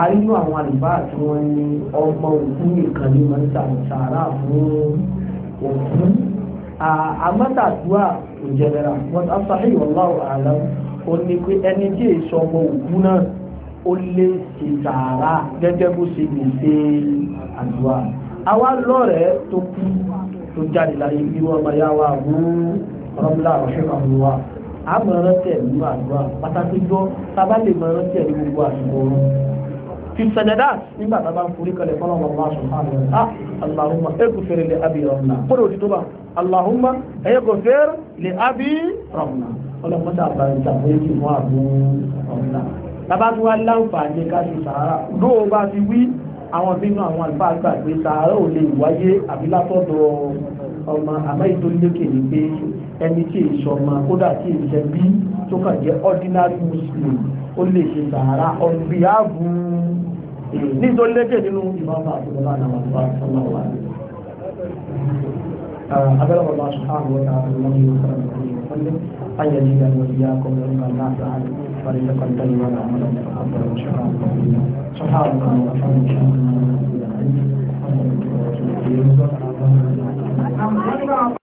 a nínú àwọn àlùbáà tí wọ́n ní ọmọ òkú nìkan ní máa ń fún òkú àmọ́tàdúrà ìjẹ̀bẹ̀rà wọ́n á sọ àyè wọ́n ó ní pé ẹni tí èso ọmọ òkú náà ó lé ṣe sàárà gẹ́gẹ́ bó ṣe lè ṣe àdúrà àwa lọ́rẹ̀ẹ́ tó kú tó jáde láyé bí wọ́n máa yá wa mú rọ́mùlà ọ̀ṣẹ́ kan wá a máa rántí ẹ̀ nínú àdúrà pàtàkì jọ tábà lè máa rántí ẹ̀ ní gbogbo àsìkò ọ̀run fisajada nígbà tá a bá ń forí kalẹ̀ fọlọ́ wọn bá sùn fún àwọn ah alahuma ẹ kò fẹ́rẹ̀ lé abi rọ̀mùnà kó lè o ti tó bá alahuma ẹ kò fẹ́rẹ̀ lé abi rọ̀mùnà ọlọ́mọdé àbáyé ìtàkùnrin fún àbúrò ọ̀nà tàbá tó wá láǹfààní ká ṣe sàárà lóò bá ti wí àwọn bínú àwọn àlùfáàgbà pé sàárà ò lè wáyé àbí látọ̀dọ̀ ọmọ àmọ́ ìdólékè ni pé ẹni tí èso ọmọ kódà tí èso bí tó kàn jẹ́ ordinary muslim ó lè ṣe sàárà ọ̀nbíyàbù nítorí lẹ́jẹ̀ nínú ìmọ̀ àbúrò náà àwọn àlùfáà أبلغ الله سبحانه وتعالى النبي صلى الله عليه وسلم أن يزيدني وإياكم علما نافعا ورزقا طيبا وعملا متقبلا وشفاعا قبيلا سبحانك اللهم وبحمدك أشهد أن لا إله إلا أنت أستغفرك وأتوب إليك